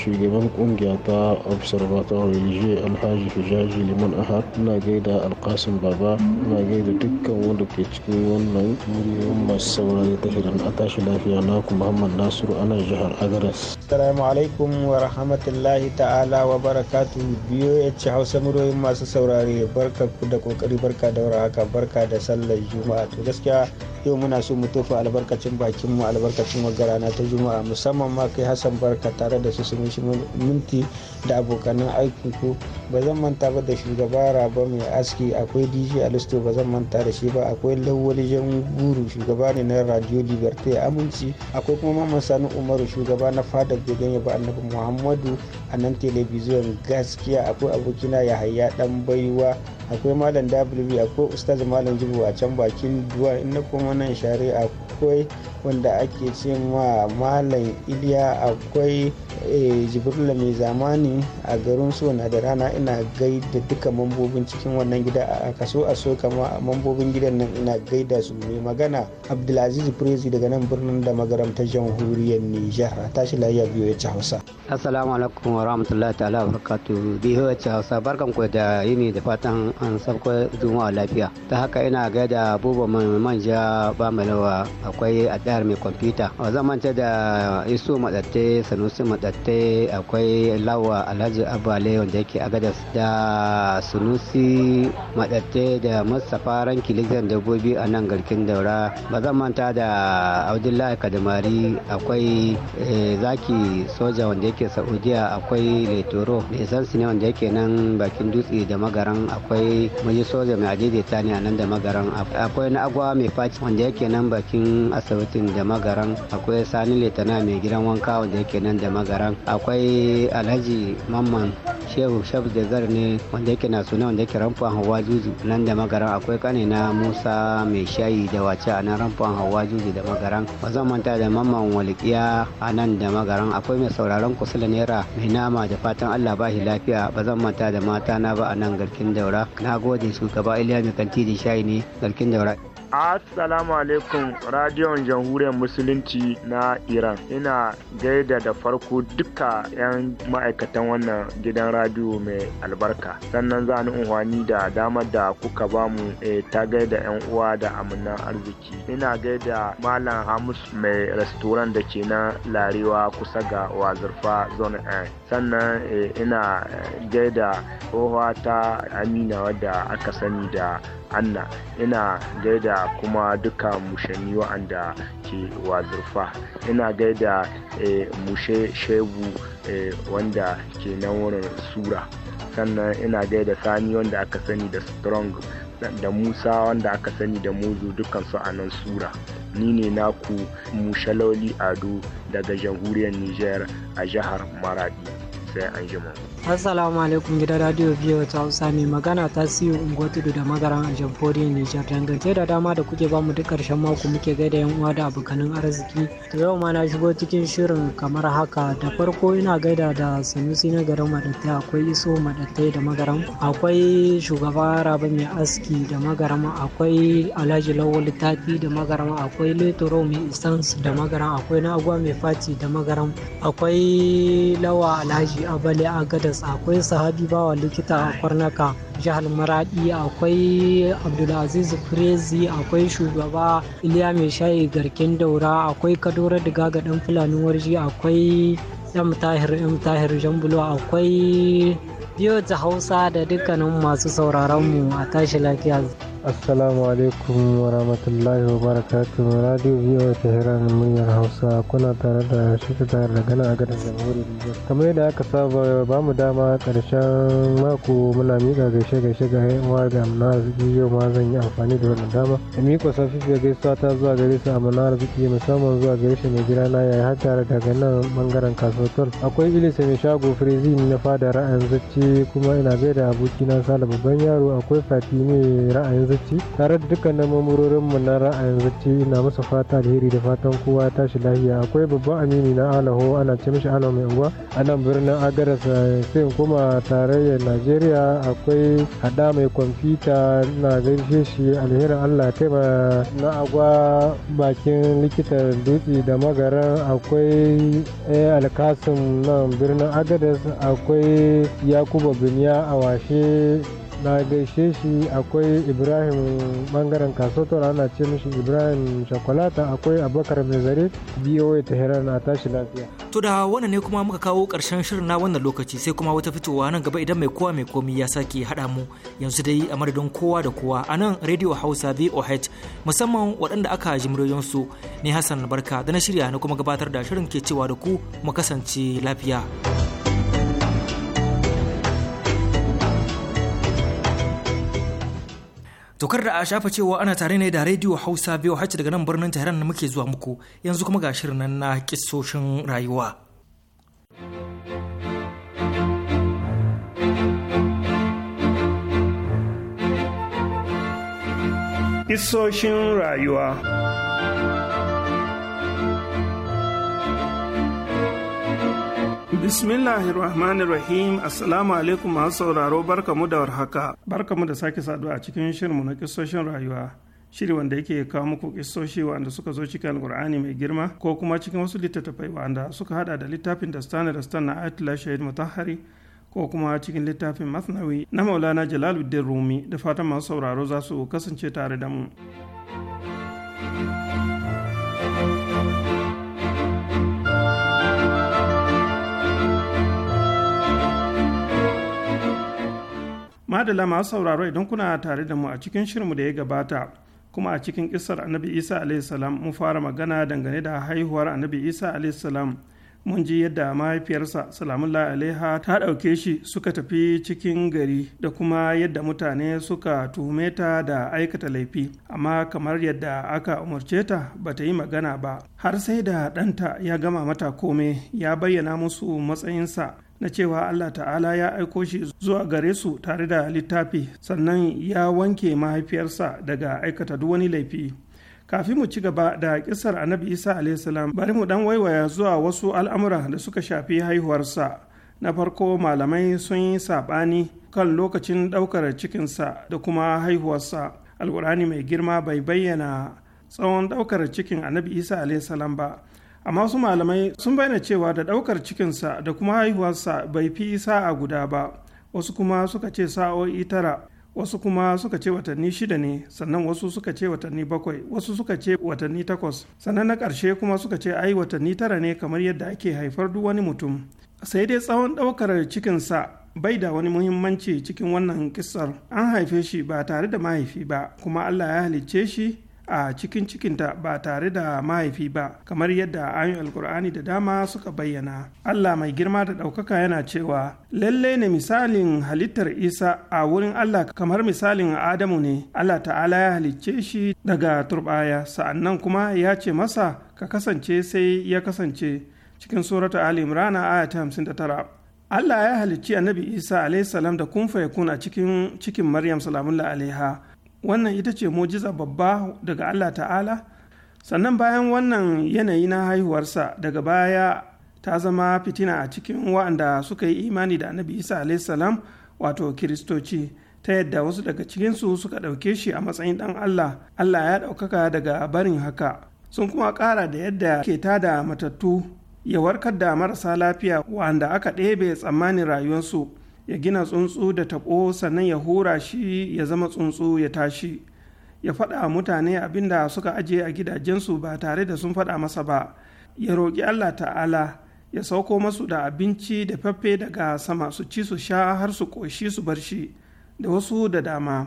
shugaban kungiya ta observatory je alhaji fijaji liman ahad ina gaida alkasim baba ina gaida dukkan wanda ke cikin wannan miliyoyin masu saurari ta shirin a tashi lafiya naku muhammad nasiru ana jihar agaras assalamu alaikum wa rahmatullahi ta'ala wa barakatuhu biyo ya hausa muryoyin masu saurari saurare barka ku da kokari barka da haka barka da sallar juma'a to gaskiya yau muna so mu tofa albarkacin bakin mu albarkacin magarana ta juma'a musamman ma kai hassan barka tare da su su minti da abokanan aiki ko ba zan manta ba da shugaba raba mai aski akwai dj alisto ba zan manta da shi ba akwai lawali jan guru shugaba ne na radio liberté aminci akwai kuma mamman sani umaru shugaba na fadar gidan yaba annabi muhammadu a nan telebijin gaskiya akwai abokina yahaya dan baiwa akwai malam w akwai ustaz malam jibo a can bakin duwa ina kuma nan share akwai wanda ake ce ma malam iliya akwai Eh, jibrila mai zamani a garin sona da rana ina gaida duka mambobin cikin wannan gida a kaso a so kama mambobin gidan nan ina gaida su mai magana abdulaziz prezi daga nan birnin da magaramtar jamhuriyar nijar a tashi lafiya biyu ya ci hausa assalamu alaikum wa rahmatullahi ta'ala wa barakatu biyu ya ci hausa barkan ku da yini da fatan an sabko juma'a lafiya ta haka ina gaida abubuwan manja bamalawa akwai dayar mai kwamfuta a zamanta da iso matsatte sanusi matsatte Sate akwai lawa alhaji abale wanda yake agadas da sunusi Madatte da mustapha ranki likitan dabbobi a nan garkin daura ba zan manta da abdullahi kadamari akwai eh, zaki soja wanda yake saudiya akwai letoro mai sansu ne wanda yake nan bakin dutse da magaran akwai muji soja mai ajiyar ne a nan da magaran akwai na agwa mai faci wanda yake nan bakin asibitin da magaran akwai sani letana mai gidan wanka wanda yake nan da magaran akwai alhaji mamman shehu shabu degar ne wanda yake na suna wanda yake rampa hawa juju nan da magaran akwai kane na musa mai shayi da wace a nan rampa hawa juju da magaran ba zan manta da mamman walikiya a nan da magaran akwai mai sauraron kusula naira mai nama da fatan allah ba lafiya ba zan manta da mata na ba a nan garkin daura na gode shugaba iliya mai kanti da shayi ne garkin daura Assalamu alaikum radiyon jamhuriyar musulunci na Iran. Ina gaida da farko duka 'yan ma'aikatan wannan gidan radiyo mai albarka. Sannan za ni da dama da kuka bamu e, eh, ta gaida 'yan uwa da amina arziki. Ina gaida Malam Hamus mai restoran da ke na Larewa kusa ga Wazirfa Zone A. Sannan eh, ina eh, gaida tsohuwa ta Amina wadda aka sani da anna ina gaida kuma duka mushani wa'anda ke wazurfa ina gaida eh, mushe shebu eh, wanda ke nan wurin sura sannan ina gaida sani wanda aka sani da strong da musa wanda aka sani da mozu dukansu a nan sura ni ne naku mushaloli ado daga jamhuriyar niger a jihar maradi sai an jima. Assalamu alaikum gidan radio biyu ta Hausa mai magana ta siyo Ungotudu da magaran a jamhuriyar Nijar dangance da dama da kuke bamu duk karshen mako muke gaida yan uwa da abokanan arziki. To yau ma na shigo cikin shirin kamar haka da farko ina gaida da Sanusi na garin Madattai akwai Iso Madattai da magaran akwai shugaba rabe mai aski da magaran akwai Alhaji Lawal Tafi da magaran akwai Letoro mai Isans da magaran akwai Nagwa mai Fati da magaran akwai Lawa Alhaji Abale Agada agadas akwai sahabi bawa likita a kwarnaka jihar maradi akwai abdulaziz frezi akwai shugaba iliya mai shayi garken daura akwai kadora diga ga dan fulani warji akwai yan tahir yan tahir jambulo akwai biyo ta hausa da dukkanin masu sauraron mu a tashi lafiya Assalamu alaikum wa rahmatullahi wa barakatuh. Radio ta Tehran muryar Hausa kuna tare da shirka tare da gana a gadar jamhuriyar Nijar. Kamar yadda aka saba ba mu dama karshen mako muna miƙa gaishe gaishe ga yawa ga amina arziki yau ma zan yi amfani da wannan dama. Da miƙa ga gaisuwa ta zuwa gare su amina arziki musamman zuwa gare shi mai gida na yayi har tare daga nan bangaren kasuwar Akwai ilisa mai shago firizi na fada ra'ayin zacce kuma ina gaida abokina Sale babban yaro akwai Fatime ra'ayin zuci tare da dukkanin mamurorin mu na ra'ayin zuci ina masa fata alheri da fatan kowa tashi lafiya akwai babban amini na alaho ana ce mishi alaho mai unguwa a nan birnin agaras sai kuma tarayyar najeriya akwai hada mai kwamfuta na gaishe shi alherin allah kai ma na agwa bakin likitan dutse da magaran akwai eh, alkasim nan birnin agadas akwai yakuba biniya a washe na gaishe shi akwai ibrahim bangaren kasotora ana ce mishi ibrahim shakwalata akwai abubakar mai zare biyo ta hirar na tashi lafiya to da wannan ne kuma muka kawo karshen shirin na wannan lokaci sai kuma wata fitowa nan gaba idan mai kowa mai komi ya sake haɗa mu yanzu dai a madadin kowa da kowa a nan radio hausa voh musamman waɗanda aka ji su ne hassan barka da na shirya na kuma gabatar da shirin ke cewa da ku mu kasance lafiya. Tokar da a shafa cewa ana tare ne da rediyo Hausa biyu hacci daga nan birnin Tehran da muke zuwa muku yanzu kuma ga shirin nan na kisoshin rayuwa. Kisoshin rayuwa Bismillahirrahmanirrahim Assalamu alaikum masu sauraro barkamu da warhaka. Barkamu da sake saduwa a cikin shirinmu na kisoshin rayuwa. Shiri wanda yake kawo muku kisoshi wanda suka zo cikin Alkur'ani mai girma ko kuma cikin wasu littattafai wanda suka hada da littafin da stan da na Ayatollah Shahid Mutahhari ko kuma cikin littafin Masnawi na Maulana Jalaluddin Rumi da fatan masu sauraro za su kasance tare da mu. madala masu sauraro idan kuna tare da mu a cikin shirinmu da ya gabata kuma a cikin kisar annabi isa alaihissalam mun fara magana dangane da haihuwar annabi isa alaihissalam mun ji yadda mahaifiyarsa salamullahi alaiha ta ɗauke shi suka tafi cikin gari da kuma yadda mutane suka tuhume ta da aikata laifi amma kamar yadda aka umarce ta ba ta yi magana ba har sai da ɗanta ya gama mata kome ya bayyana musu matsayinsa na cewa Allah ta'ala ya aiko shi zuwa gare su tare da littafi sannan ya wanke mahaifiyarsa daga aikata duk wani laifi kafin mu ci gaba da kisar annabi isa alaihissalam bari mu dan waiwaya zuwa wasu al'amura da suka shafi haihuwarsa na farko malamai sun yi saɓani kan lokacin ɗaukar cikinsa da kuma haihuwarsa alkur'ani mai girma bai bayyana tsawon ɗaukar cikin annabi isa alaihissalam ba amma su malamai sun bayyana cewa da ɗaukar cikinsa da kuma haihuwarsa bai fi sa'a guda ba wasu kuma suka ce sa'o'i tara wasu kuma suka ce watanni shida ne sannan wasu suka ce watanni bakwai wasu suka ce watanni takwas sannan na karshe kuma suka ce ai watanni tara ne kamar yadda ake haifar duk wani mutum sai dai tsawon ɗaukar cikinsa bai da wani muhimmanci cikin wannan kisar an haife shi ba tare da mahaifi ba kuma allah ya halicce shi a cikin cikinta ba tare da mahaifi ba kamar yadda ayoyin alkur'ani da dama suka bayyana allah mai girma da ɗaukaka yana cewa lalle ne misalin halittar isa a wurin allah kamar misalin adamu ne allah ta'ala ya halicce shi daga turbaya sa'annan kuma ya ce masa ka kasance sai ya kasance cikin surata ali imrana aya ta tara. Allah ya halicci annabi Isa alaihissalam da kun a cikin cikin Maryam salamunla alaiha wannan ita ce mujiza babba daga allah ta'ala sannan bayan wannan yanayi na haihuwarsa daga baya ta zama fitina a cikin wa'anda suka yi imani da annabi isa salam wato kiristoci ta yadda wasu daga cikinsu suka ɗauke shi a matsayin ɗan allah allah ya ɗaukaka daga barin haka sun kuma ƙara da yadda ke tada matattu ya warkar da marasa lafiya wa'anda aka ɗebe tsammanin rayuwarsu ya gina tsuntsu da taɓo sannan ya hura shi ya zama tsuntsu ya tashi ya faɗa mutane abin da suka aje a gidajensu ba tare da sun faɗa masa ba ya roƙi allah ta'ala ya sauko masu da abinci da faffe daga sama su ci su sha har su ƙoshi su bar shi da wasu da dama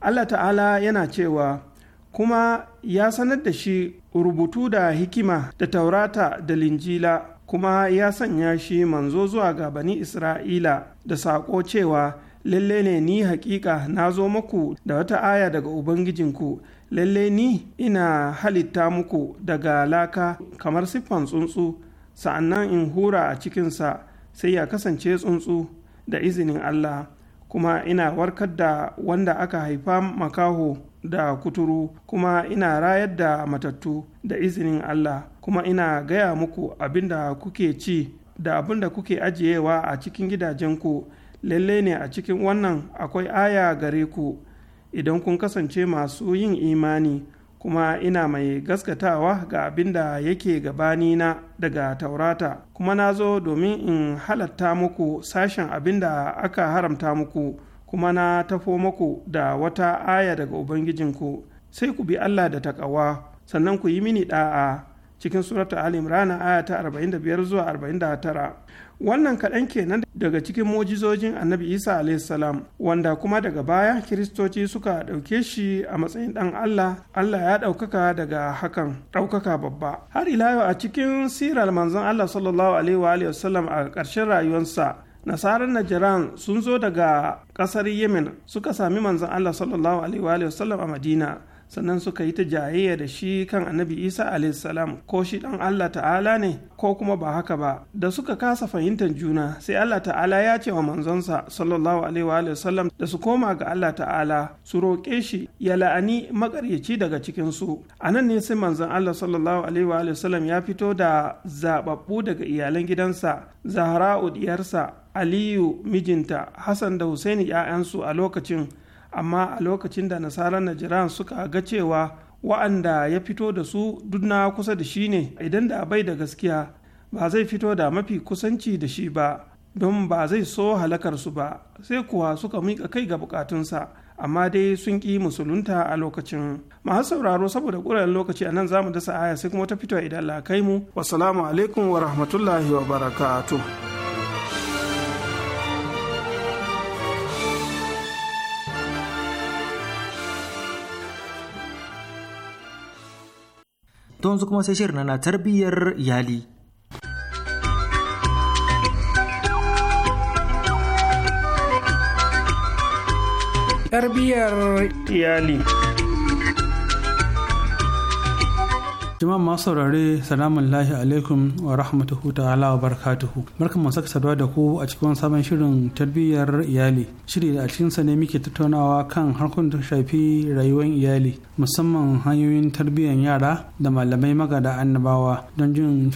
allah ta'ala yana cewa kuma ya sanar da shi rubutu da hikima da taurata da linjila kuma ya sanya shi manzo zuwa ga bani isra'ila da saƙo cewa lalle ne ni haƙiƙa na zo muku da wata aya daga ubangijinku lalle ni ina halitta muku daga laka kamar siffan tsuntsu sa'annan in hura a cikinsa sai ya kasance tsuntsu da izinin allah kuma ina warkar da wanda aka haifa makaho da kuturu kuma ina rayar da matattu da izinin Allah kuma ina gaya muku abin da kuke ci da abin da kuke ajiyewa a cikin gidajenku lalle ne a cikin wannan akwai aya gare ku idan kun kasance masu yin imani kuma ina mai gaskatawa ga abin da yake na daga taurata kuma na zo domin in halatta muku sashen abin da aka haramta muku kuma na tafo muku da wata aya daga ubangijinku sai ku bi allah da taƙawa sannan ku yi mini ɗa'a cikin surata al-imrana aya ta 45 zuwa 49 wannan kaɗan kenan daga cikin mojizojin annabi isa alaihissalam wanda kuma daga baya kiristoci suka ɗauke shi a matsayin ɗan allah allah ya ɗaukaka daga hakan ɗaukaka babba har ila yau a cikin sirar manzon allah sallallahu alaihi wa sallam a ƙarshen rayuwarsa nasarar najiran sun zo daga ƙasar yemen suka sami manzon allah sallallahu alaihi wa sallam a madina sannan suka yi ta jayayya da shi kan annabi isa alaihissalam ko shi dan allah ta'ala ne ko kuma ba haka ba da suka kasa fahimtar juna sai allah ta'ala ya ce wa manzonsa sallallahu alaihi wa sallam da su koma ga allah ta'ala su roƙe shi ya la'ani maƙaryaci daga cikin su a nan ne sai manzon allah sallallahu alaihi wa sallam ya fito da zababbu daga iyalan gidansa zahra'u diyarsa aliyu mijinta hassan da husaini 'ya'yansu a lokacin amma a lokacin da nasarar najiran suka ga cewa wa'anda ya fito da su duk na kusa da shi ne idan da bai da gaskiya ba zai fito da mafi kusanci da shi ba don ba zai so halakarsu ba sai kuwa suka mika kai ga bukatunsa amma dai sun ƙi musulunta a lokacin masu sauraro saboda ƙuraren lokaci a nan za mu dasa aya sai kuma ta fito idan la kai mu wasalamu alaikum wa rahmatullahi wa barakatuh to yanzu kuma sai shirin na tarbiyyar iyali. Tarbiyyar iyali. jama'a masu saurare salamun lahi alaikum wa rahmatuhu ta'ala wa barakatuhu barkan mu saka saduwa da ku a cikin sabon shirin tarbiyyar iyali shiri da a cikin sa ne muke tattaunawa kan harkun da shafi rayuwar iyali musamman hanyoyin tarbiyyar yara da malamai magada annabawa don jin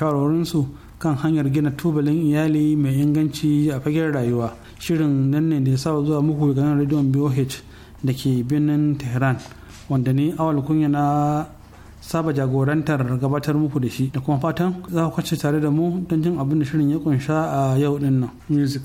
su kan hanyar gina tubalin iyali mai inganci a fagen rayuwa shirin nan ne da ya sa zuwa muku ganin rediyon boh da ke birnin tehran wanda ni awal kunya na saba jagorantar gabatar muku da shi da kuma fatan za ku kwace tare da mu don jin abin da shirin ya kunsha a yau din nan music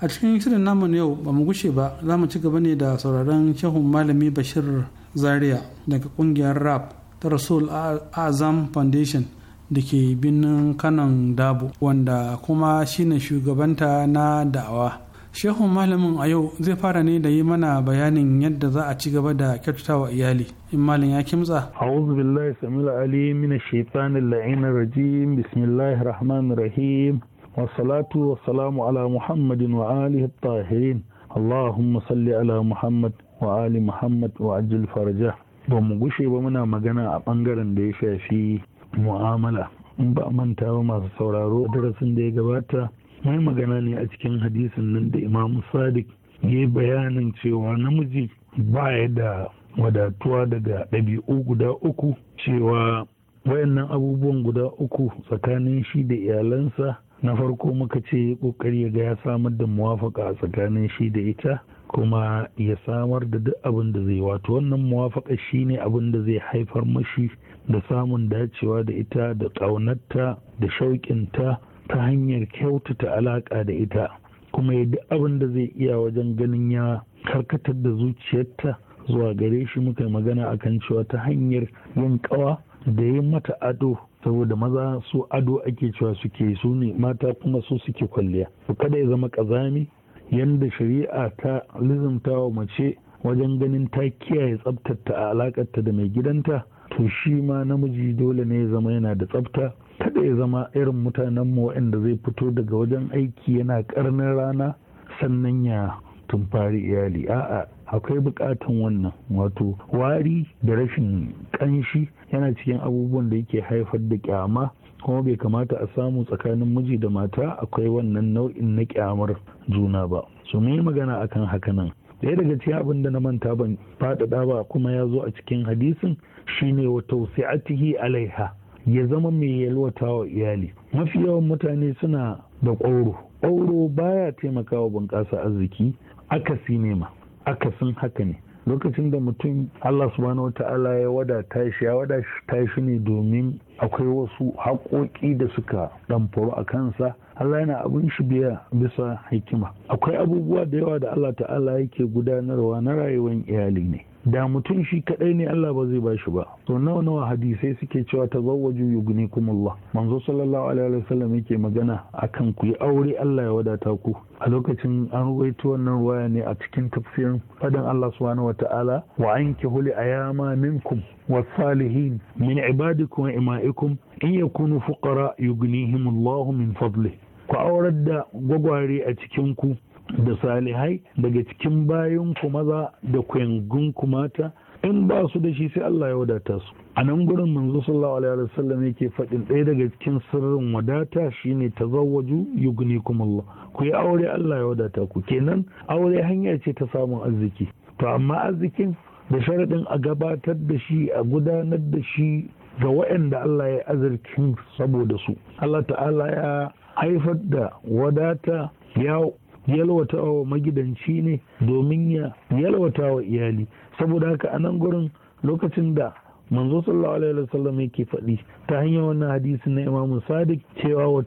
a cikin shirin namu yau ba mu gushe ba za mu ci gaba ne da sauraron shehun malami bashir zaria daga kungiyar rap ta rasul azam foundation da ke birnin kanan dabo wanda kuma shine shugabanta na da'awa shehun malamin a yau zai fara ne da yi mana bayanin yadda za a ci gaba da kyautatawa iyali in malam ya kimtsa a'udhu billahi samil ali min shaitanir la'inir rajim bismillahir rahmanir rahim wassalatu wassalamu ala muhammadin wa alihi tahirin allahumma salli ala muhammad wa ali muhammad wa ajil faraja ba mu gushe ba muna magana a bangaren da ya shafi mu'amala in ba manta ba masu sauraro darasin da ya gabata mai magana ne a cikin hadisin nan da imam sadiq ya yi bayanin cewa namiji baya da wadatuwa daga ɗabi'u guda uku cewa wayannan abubuwan guda uku tsakanin shi da iyalansa na farko muka ce kokari ya ga ya samar da muwafaka a tsakanin shi da ita kuma ya samar da duk abin da zai wato wannan muwafaka shine abin da zai haifar mashi da samun dacewa da ita da ƙaunarta da shauƙinta ta hanyar kyautata alaƙa da ita kuma ya duk abin da zai iya wajen ganin ya karkatar da zuciyarta zuwa gare shi muka yi magana akan cewa ta hanyar yin kawa da yin mata ado saboda maza su ado ake cewa suke su ne mata kuma su suke kwalliya to kada ya zama kazami yadda shari'a ta lizimta wa mace wajen ganin ta kiyaye tsabtata a alakarta da mai gidanta to shi ma namiji dole ne ya zama yana da tsabta kada ya zama irin mutanen mu waɗanda zai fito daga wajen aiki yana karnin rana sannan ya tumfari iyali a'a akwai bukatan wannan wato wari da rashin ƙanshi yana cikin abubuwan da yake haifar da ƙyama, kuma bai kamata a samu tsakanin miji da mata akwai wannan nau'in na ƙyamar juna ba su yi magana akan nan. ɗaya daga cikin abin da na manta ban faɗaɗa ba kuma ya zo a cikin hadisin shine wa tausi'atihi alaiha ya zama mai yalwata wa iyali mafi yawan mutane suna da ƙwauro ƙwauro baya taimakawa bunƙasa arziki akasi nema ma akasin haka ne lokacin da mutum Allah subhanahu ta'ala ya wada shi ya wadata shi ne domin akwai wasu haƙoƙi da suka ɗamfaru a kansa Allah yana abin shi biya bisa hikima akwai abubuwa da yawa da Allah ta'ala yake gudanarwa na rayuwar iyali ne da mutum shi kadai ne Allah ba zai bashi ba to nawa nawa hadisai suke cewa tazawwaju yughnikumullah manzo sallallahu alaihi wasallam yake magana akan ku yi aure Allah ya wadata ku a lokacin an ruwaito wannan ruwaya ne a cikin tafsirin fadin Allah subhanahu wataala wa ankihu li ayama minkum والصالحين من عبادكم وإمائكم إن يكونوا فقراء يغنيهم الله من فضله ku aurar da gwagware a cikinku da salihai daga cikin bayan ku maza da kwangun ku mata in ba su da shi sai Allah ya wadata su a nan gurin manzo sallallahu alaihi wasallam yake faɗin ɗaya daga cikin sirrin wadata shine tazawwaju Allah. ku yi aure Allah ya wadata ku kenan aure hanya ce ta samun arziki to amma arzikin da sharaɗin a gabatar da shi a gudanar da shi ga waɗanda Allah ya azurkin saboda su Allah ta'ala ya haifar da wadata ya yalwata wa magidanci ne domin ya yalwata wa iyali saboda haka a nan gurin lokacin da manzo sallallahu alaihi wasallam yake faɗi ta hanyar wannan hadisi na imam sadiq cewa wa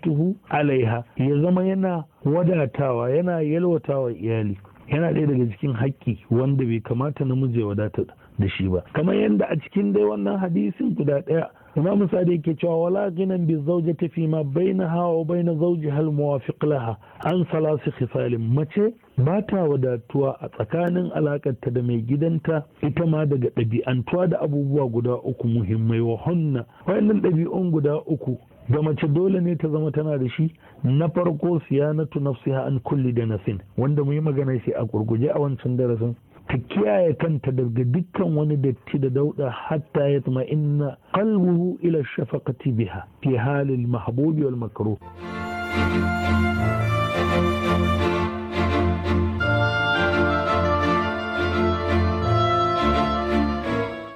tuhu alaiha ya zama yana wadatawa yana yalwatawa iyali yana ɗaya daga cikin haƙƙi wanda bai kamata namiji ya wadata da shi ba kamar yadda a cikin dai wannan hadisin guda ɗaya imam da yake cewa wala ginan bi ta fi ma hawa hawa na zauje hal muwafiq laha an salasi khisalin mace ba ta wadatuwa a tsakanin alakarta da mai gidanta ita ma daga ɗabi'antuwa da abubuwa guda uku muhimmai wa hunna wa'annan ɗabi'un guda uku da mace dole ne ta zama tana da shi na farko siyanatu nafsiha an kulli da nasin wanda mu yi magana shi a gurguje a wancan darasin ta kiyaye kanta daga dukkan wani datti da dauda hatta ya tuma inna qalbuhu ila shafaqati biha fi halil mahbubi wal makruh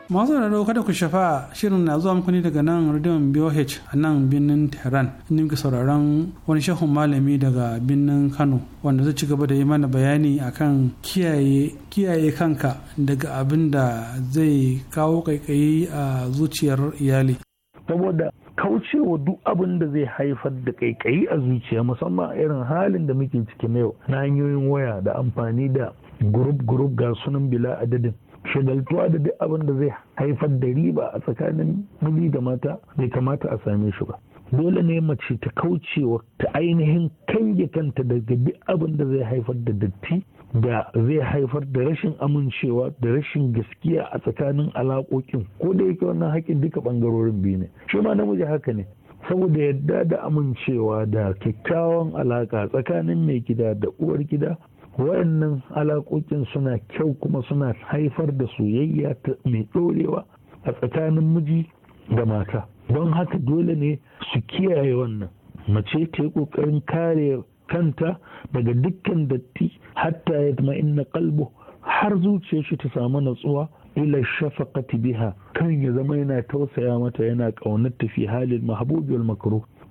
masu raro kada ku shafa shirin na zuwa muku ne daga nan radion boh a nan birnin tehran inda muke sauraron wani shehun malami daga birnin kano wanda zai ci gaba da yi mana bayani akan kiyaye kiyaye kanka daga abin da zai kawo kaikayi a zuciyar iyali saboda kaucewa duk abin da zai haifar da kaikayi a zuciya musamman irin halin da muke ciki na yau na hanyoyin waya da amfani da gurub gurup ga sunan bila adadin shagaltuwa da duk abin da zai haifar da riba a tsakanin miji da mata bai kamata a same shi ba dole ne mace ta kaucewa ta ainihin kange kanta daga duk abin da zai haifar da datti da zai haifar da rashin amincewa da rashin gaskiya a tsakanin alaƙoƙin ko da yake wannan haƙin duka ɓangarorin biyu ne shi ma namiji haka ne saboda yadda da amincewa da kyakkyawan alaƙa tsakanin mai gida da uwar gida waɗannan alaƙoƙin suna kyau kuma suna haifar da soyayya mai ɗorewa a tsakanin miji da mata don haka dole ne su kiyaye wannan mace ta yi ƙoƙarin kare kanta daga dukkan datti hatta ya zama inna kalbo har zuciyar shi ta samu natsuwa ila shafaqati biha kan ya zama yana tausaya mata yana ƙaunar ta fi halin mahbubi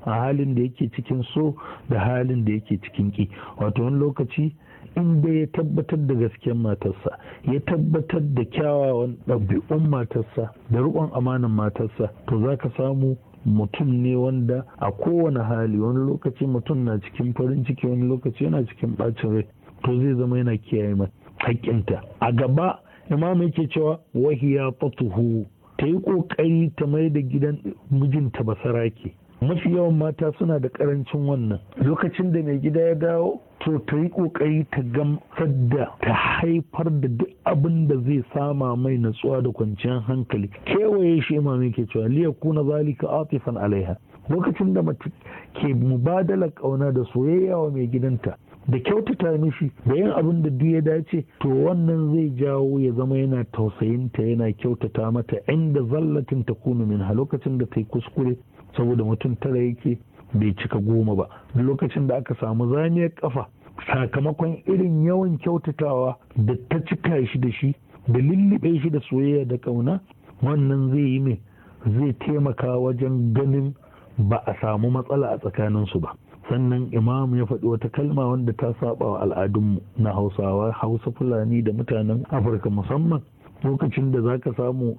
a halin da yake cikin so da halin da yake cikin ƙi, wato wani lokaci in dai ya tabbatar da gasken matarsa ya tabbatar da kyawawan ɗabi'un matarsa da riƙon amanan matarsa to za ka samu mutum ne wanda a kowane hali wani lokaci mutum na cikin farin ciki wani lokaci yana cikin ɓacin rai to zai zama yana kiyaye mai haƙƙinta a gaba imam yake cewa wahiya fatuhu ta yi ƙoƙari ta mai da gidan mijinta basarake mafi yawan mata suna da karancin wannan lokacin da mai gida ya dawo to ta yi kokari ta gamsar da ta haifar da duk abin da zai sama mai natsuwa da kwanciyar hankali kewaye shi mai ke cewa liya kuna zalika atifan alaiha lokacin da mace ke mubadala kauna da soyayya wa mai gidanta da kyautata mishi da yin abin da duk ya dace to wannan zai jawo ya zama yana tausayinta yana kyautata mata inda zallatin ta kunu min lokacin da ta yi kuskure saboda mutum tara yake bai cika goma ba lokacin da aka samu zaniyar kafa sakamakon irin yawan kyautatawa da ta cika shi da shi da lullube shi da soyayya da kauna wannan zai yi mai zai taimaka wajen ganin ba a samu matsala a tsakaninsu ba sannan imam ya faɗi wata kalma wanda ta saba wa al'adunmu na hausawa hausa fulani da mutanen afirka musamman lokacin da zaka samu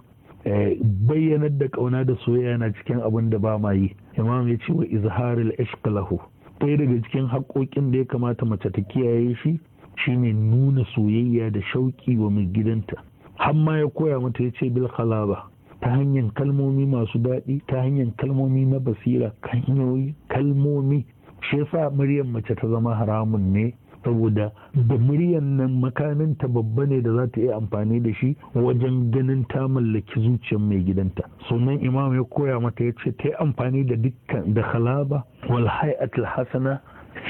Eh, bayyanar da kauna da soyayya na cikin abin da ba ma yi imam ya ce wa izharil ishq lahu daga cikin haƙoƙin da ya kamata mace ta kiyaye shi shine nuna soyayya da shauƙi wa mai gidanta har ma ya koya mata ya ce bil khalaba ta hanyar kalmomi masu daɗi ta hanyar kalmomi na basira hanyoyi kalmomi shi yasa muryar mace ta zama haramun ne saboda da muryan nan makaminta babba ne da za ta yi amfani da shi wajen ganin ta mallaki zuciyar mai gidanta sunan imam ya koya mata ya ce ta yi amfani da dukkan da halaba wal hay'atul hasana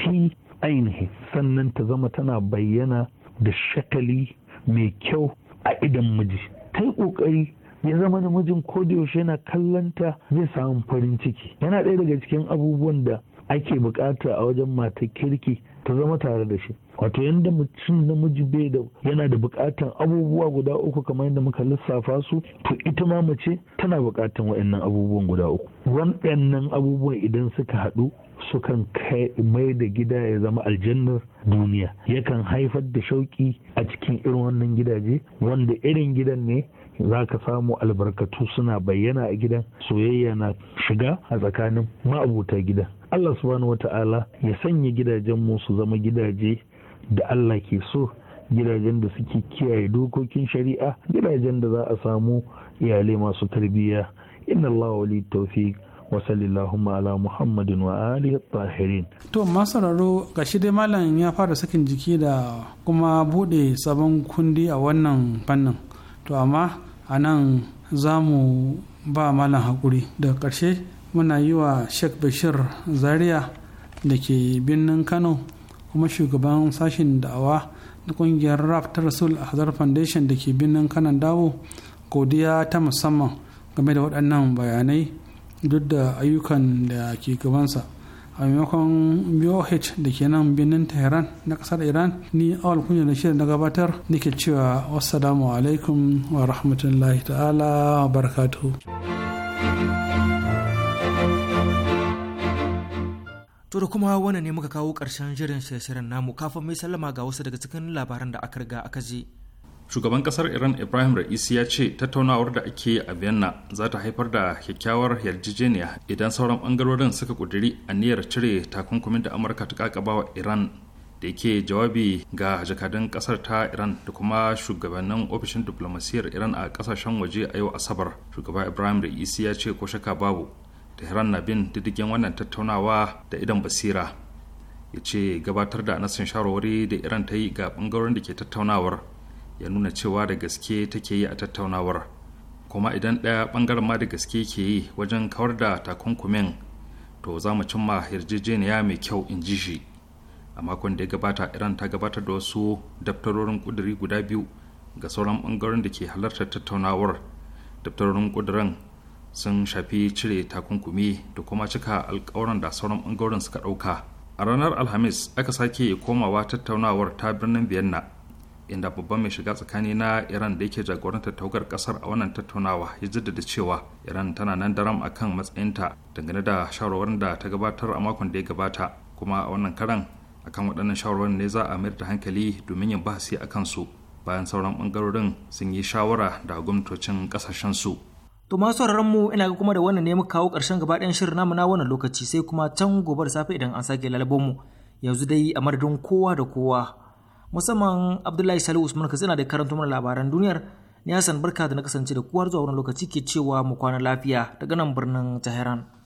fi ainihi sannan ta zama tana bayyana da shakali mai kyau a idan miji ta yi ƙoƙari ya zama namijin yaushe yana kallanta zai samu farin ciki yana ɗaya daga cikin abubuwan da ake bukata a wajen matar kirki ta zama tare da shi wato yadda mutum namiji bai da yana da bukatan abubuwa guda uku kamar yadda muka lissafa su to ita ma mace tana bukatan waɗannan abubuwan guda uku waɗannan abubuwan idan suka haɗu sukan kai mai da gida ya zama aljannar duniya yakan haifar da shauki a cikin irin wannan gidaje wanda irin gidan ne za ka samu albarkatu suna bayyana a gidan soyayya na shiga a tsakanin ma'abuta gida Allah subhanahu wata'ala ya sanya gidajen mu su zama gidaje da Allah ke so gidajen da suke kiyaye dokokin shari'a gidajen da za a samu iyalai masu tarbiyya inna Allah wali tawfiq wa sallallahu ala muhammadin wa alihi tahirin to masararo ga shi dai malam ya fara sakin jiki da kuma bude sabon kundi a wannan fannin to amma a nan za mu ba malam haƙuri daga ƙarshe muna yi wa sheikh bashir zaria da ke birnin kano kuma shugaban sashen da'awa na ƙungiyar raf ta rasul hazar foundation da ke birnin kanan dawo godiya ta musamman game da waɗannan bayanai duk da ayyukan da ke gabansa a maimakon boh da ke nan birnin tehran na kasar iran ni awal kunya da shirin na gabatar nake cewa wassalamu alaikum wa rahmatullahi ta'ala wa barakatuhu to da kuma wannan ne muka kawo karshen jirin shirin namu kafin mai sallama ga wasu daga cikin labaran da aka riga aka ji shugaban kasar iran ibrahim ra'isi ya ce tattaunawar da ake a vienna za ta haifar da kyakkyawar yarjejeniya idan sauran bangarorin suka kuduri niyyar cire takunkumin da amurka ta kakabawa iran da ke jawabi ga jakadun kasar ta iran da kuma shugabannin ofishin diplomasiyyar iran a kasashen waje a yau asabar shugaba ibrahim ra'isi ya ce ko shaka babu tehran na bin diddigin wannan tattaunawa da idan basira ya ce gabatar da nasin shawarwari da iran ta yi ga bangarorin da ke tattaunawar ya nuna cewa da gaske take yi a tattaunawar kuma idan ɗaya ɓangaren ma da gaske ke yi wajen kawar da takunkumin to za mu cimma yarjejeniya mai kyau in ji shi a makon da ya gabata iran ta gabatar da wasu daftarorin kuduri guda biyu ga sauran ɓangaren da ke halartar tattaunawar daftarorin kuduran sun shafi cire takunkumi da kuma cika alkawaran da sauran ɓangaren suka ɗauka a ranar alhamis aka sake komawa tattaunawar ta birnin vienna inda babban mai shiga tsakani na iran da yake jagorantar tawagar kasar a wannan tattaunawa ya jaddada cewa iran tana nan daram a kan matsayinta dangane da shawarwarin da ta gabatar a makon da ya gabata kuma a wannan karan akan waɗannan shawarwarin ne za a mayar da hankali domin yin bahasi a kansu bayan sauran ɓangarorin sun yi shawara da gwamnatocin ƙasashen su. To masu mu ina ga kuma da wannan ne muka kawo ƙarshen gaba ɗayan shirin namu na wannan lokaci sai kuma can gobe da safe idan an sake lalabon mu yanzu dai a madadin kowa da kowa musamman Abdullahi Salihu Usman Katsina da karanto mana labaran duniyar ni Hassan barka da na kasance da kuwar zuwa wani lokaci ke cewa mu kwana lafiya daga nan birnin Tehran.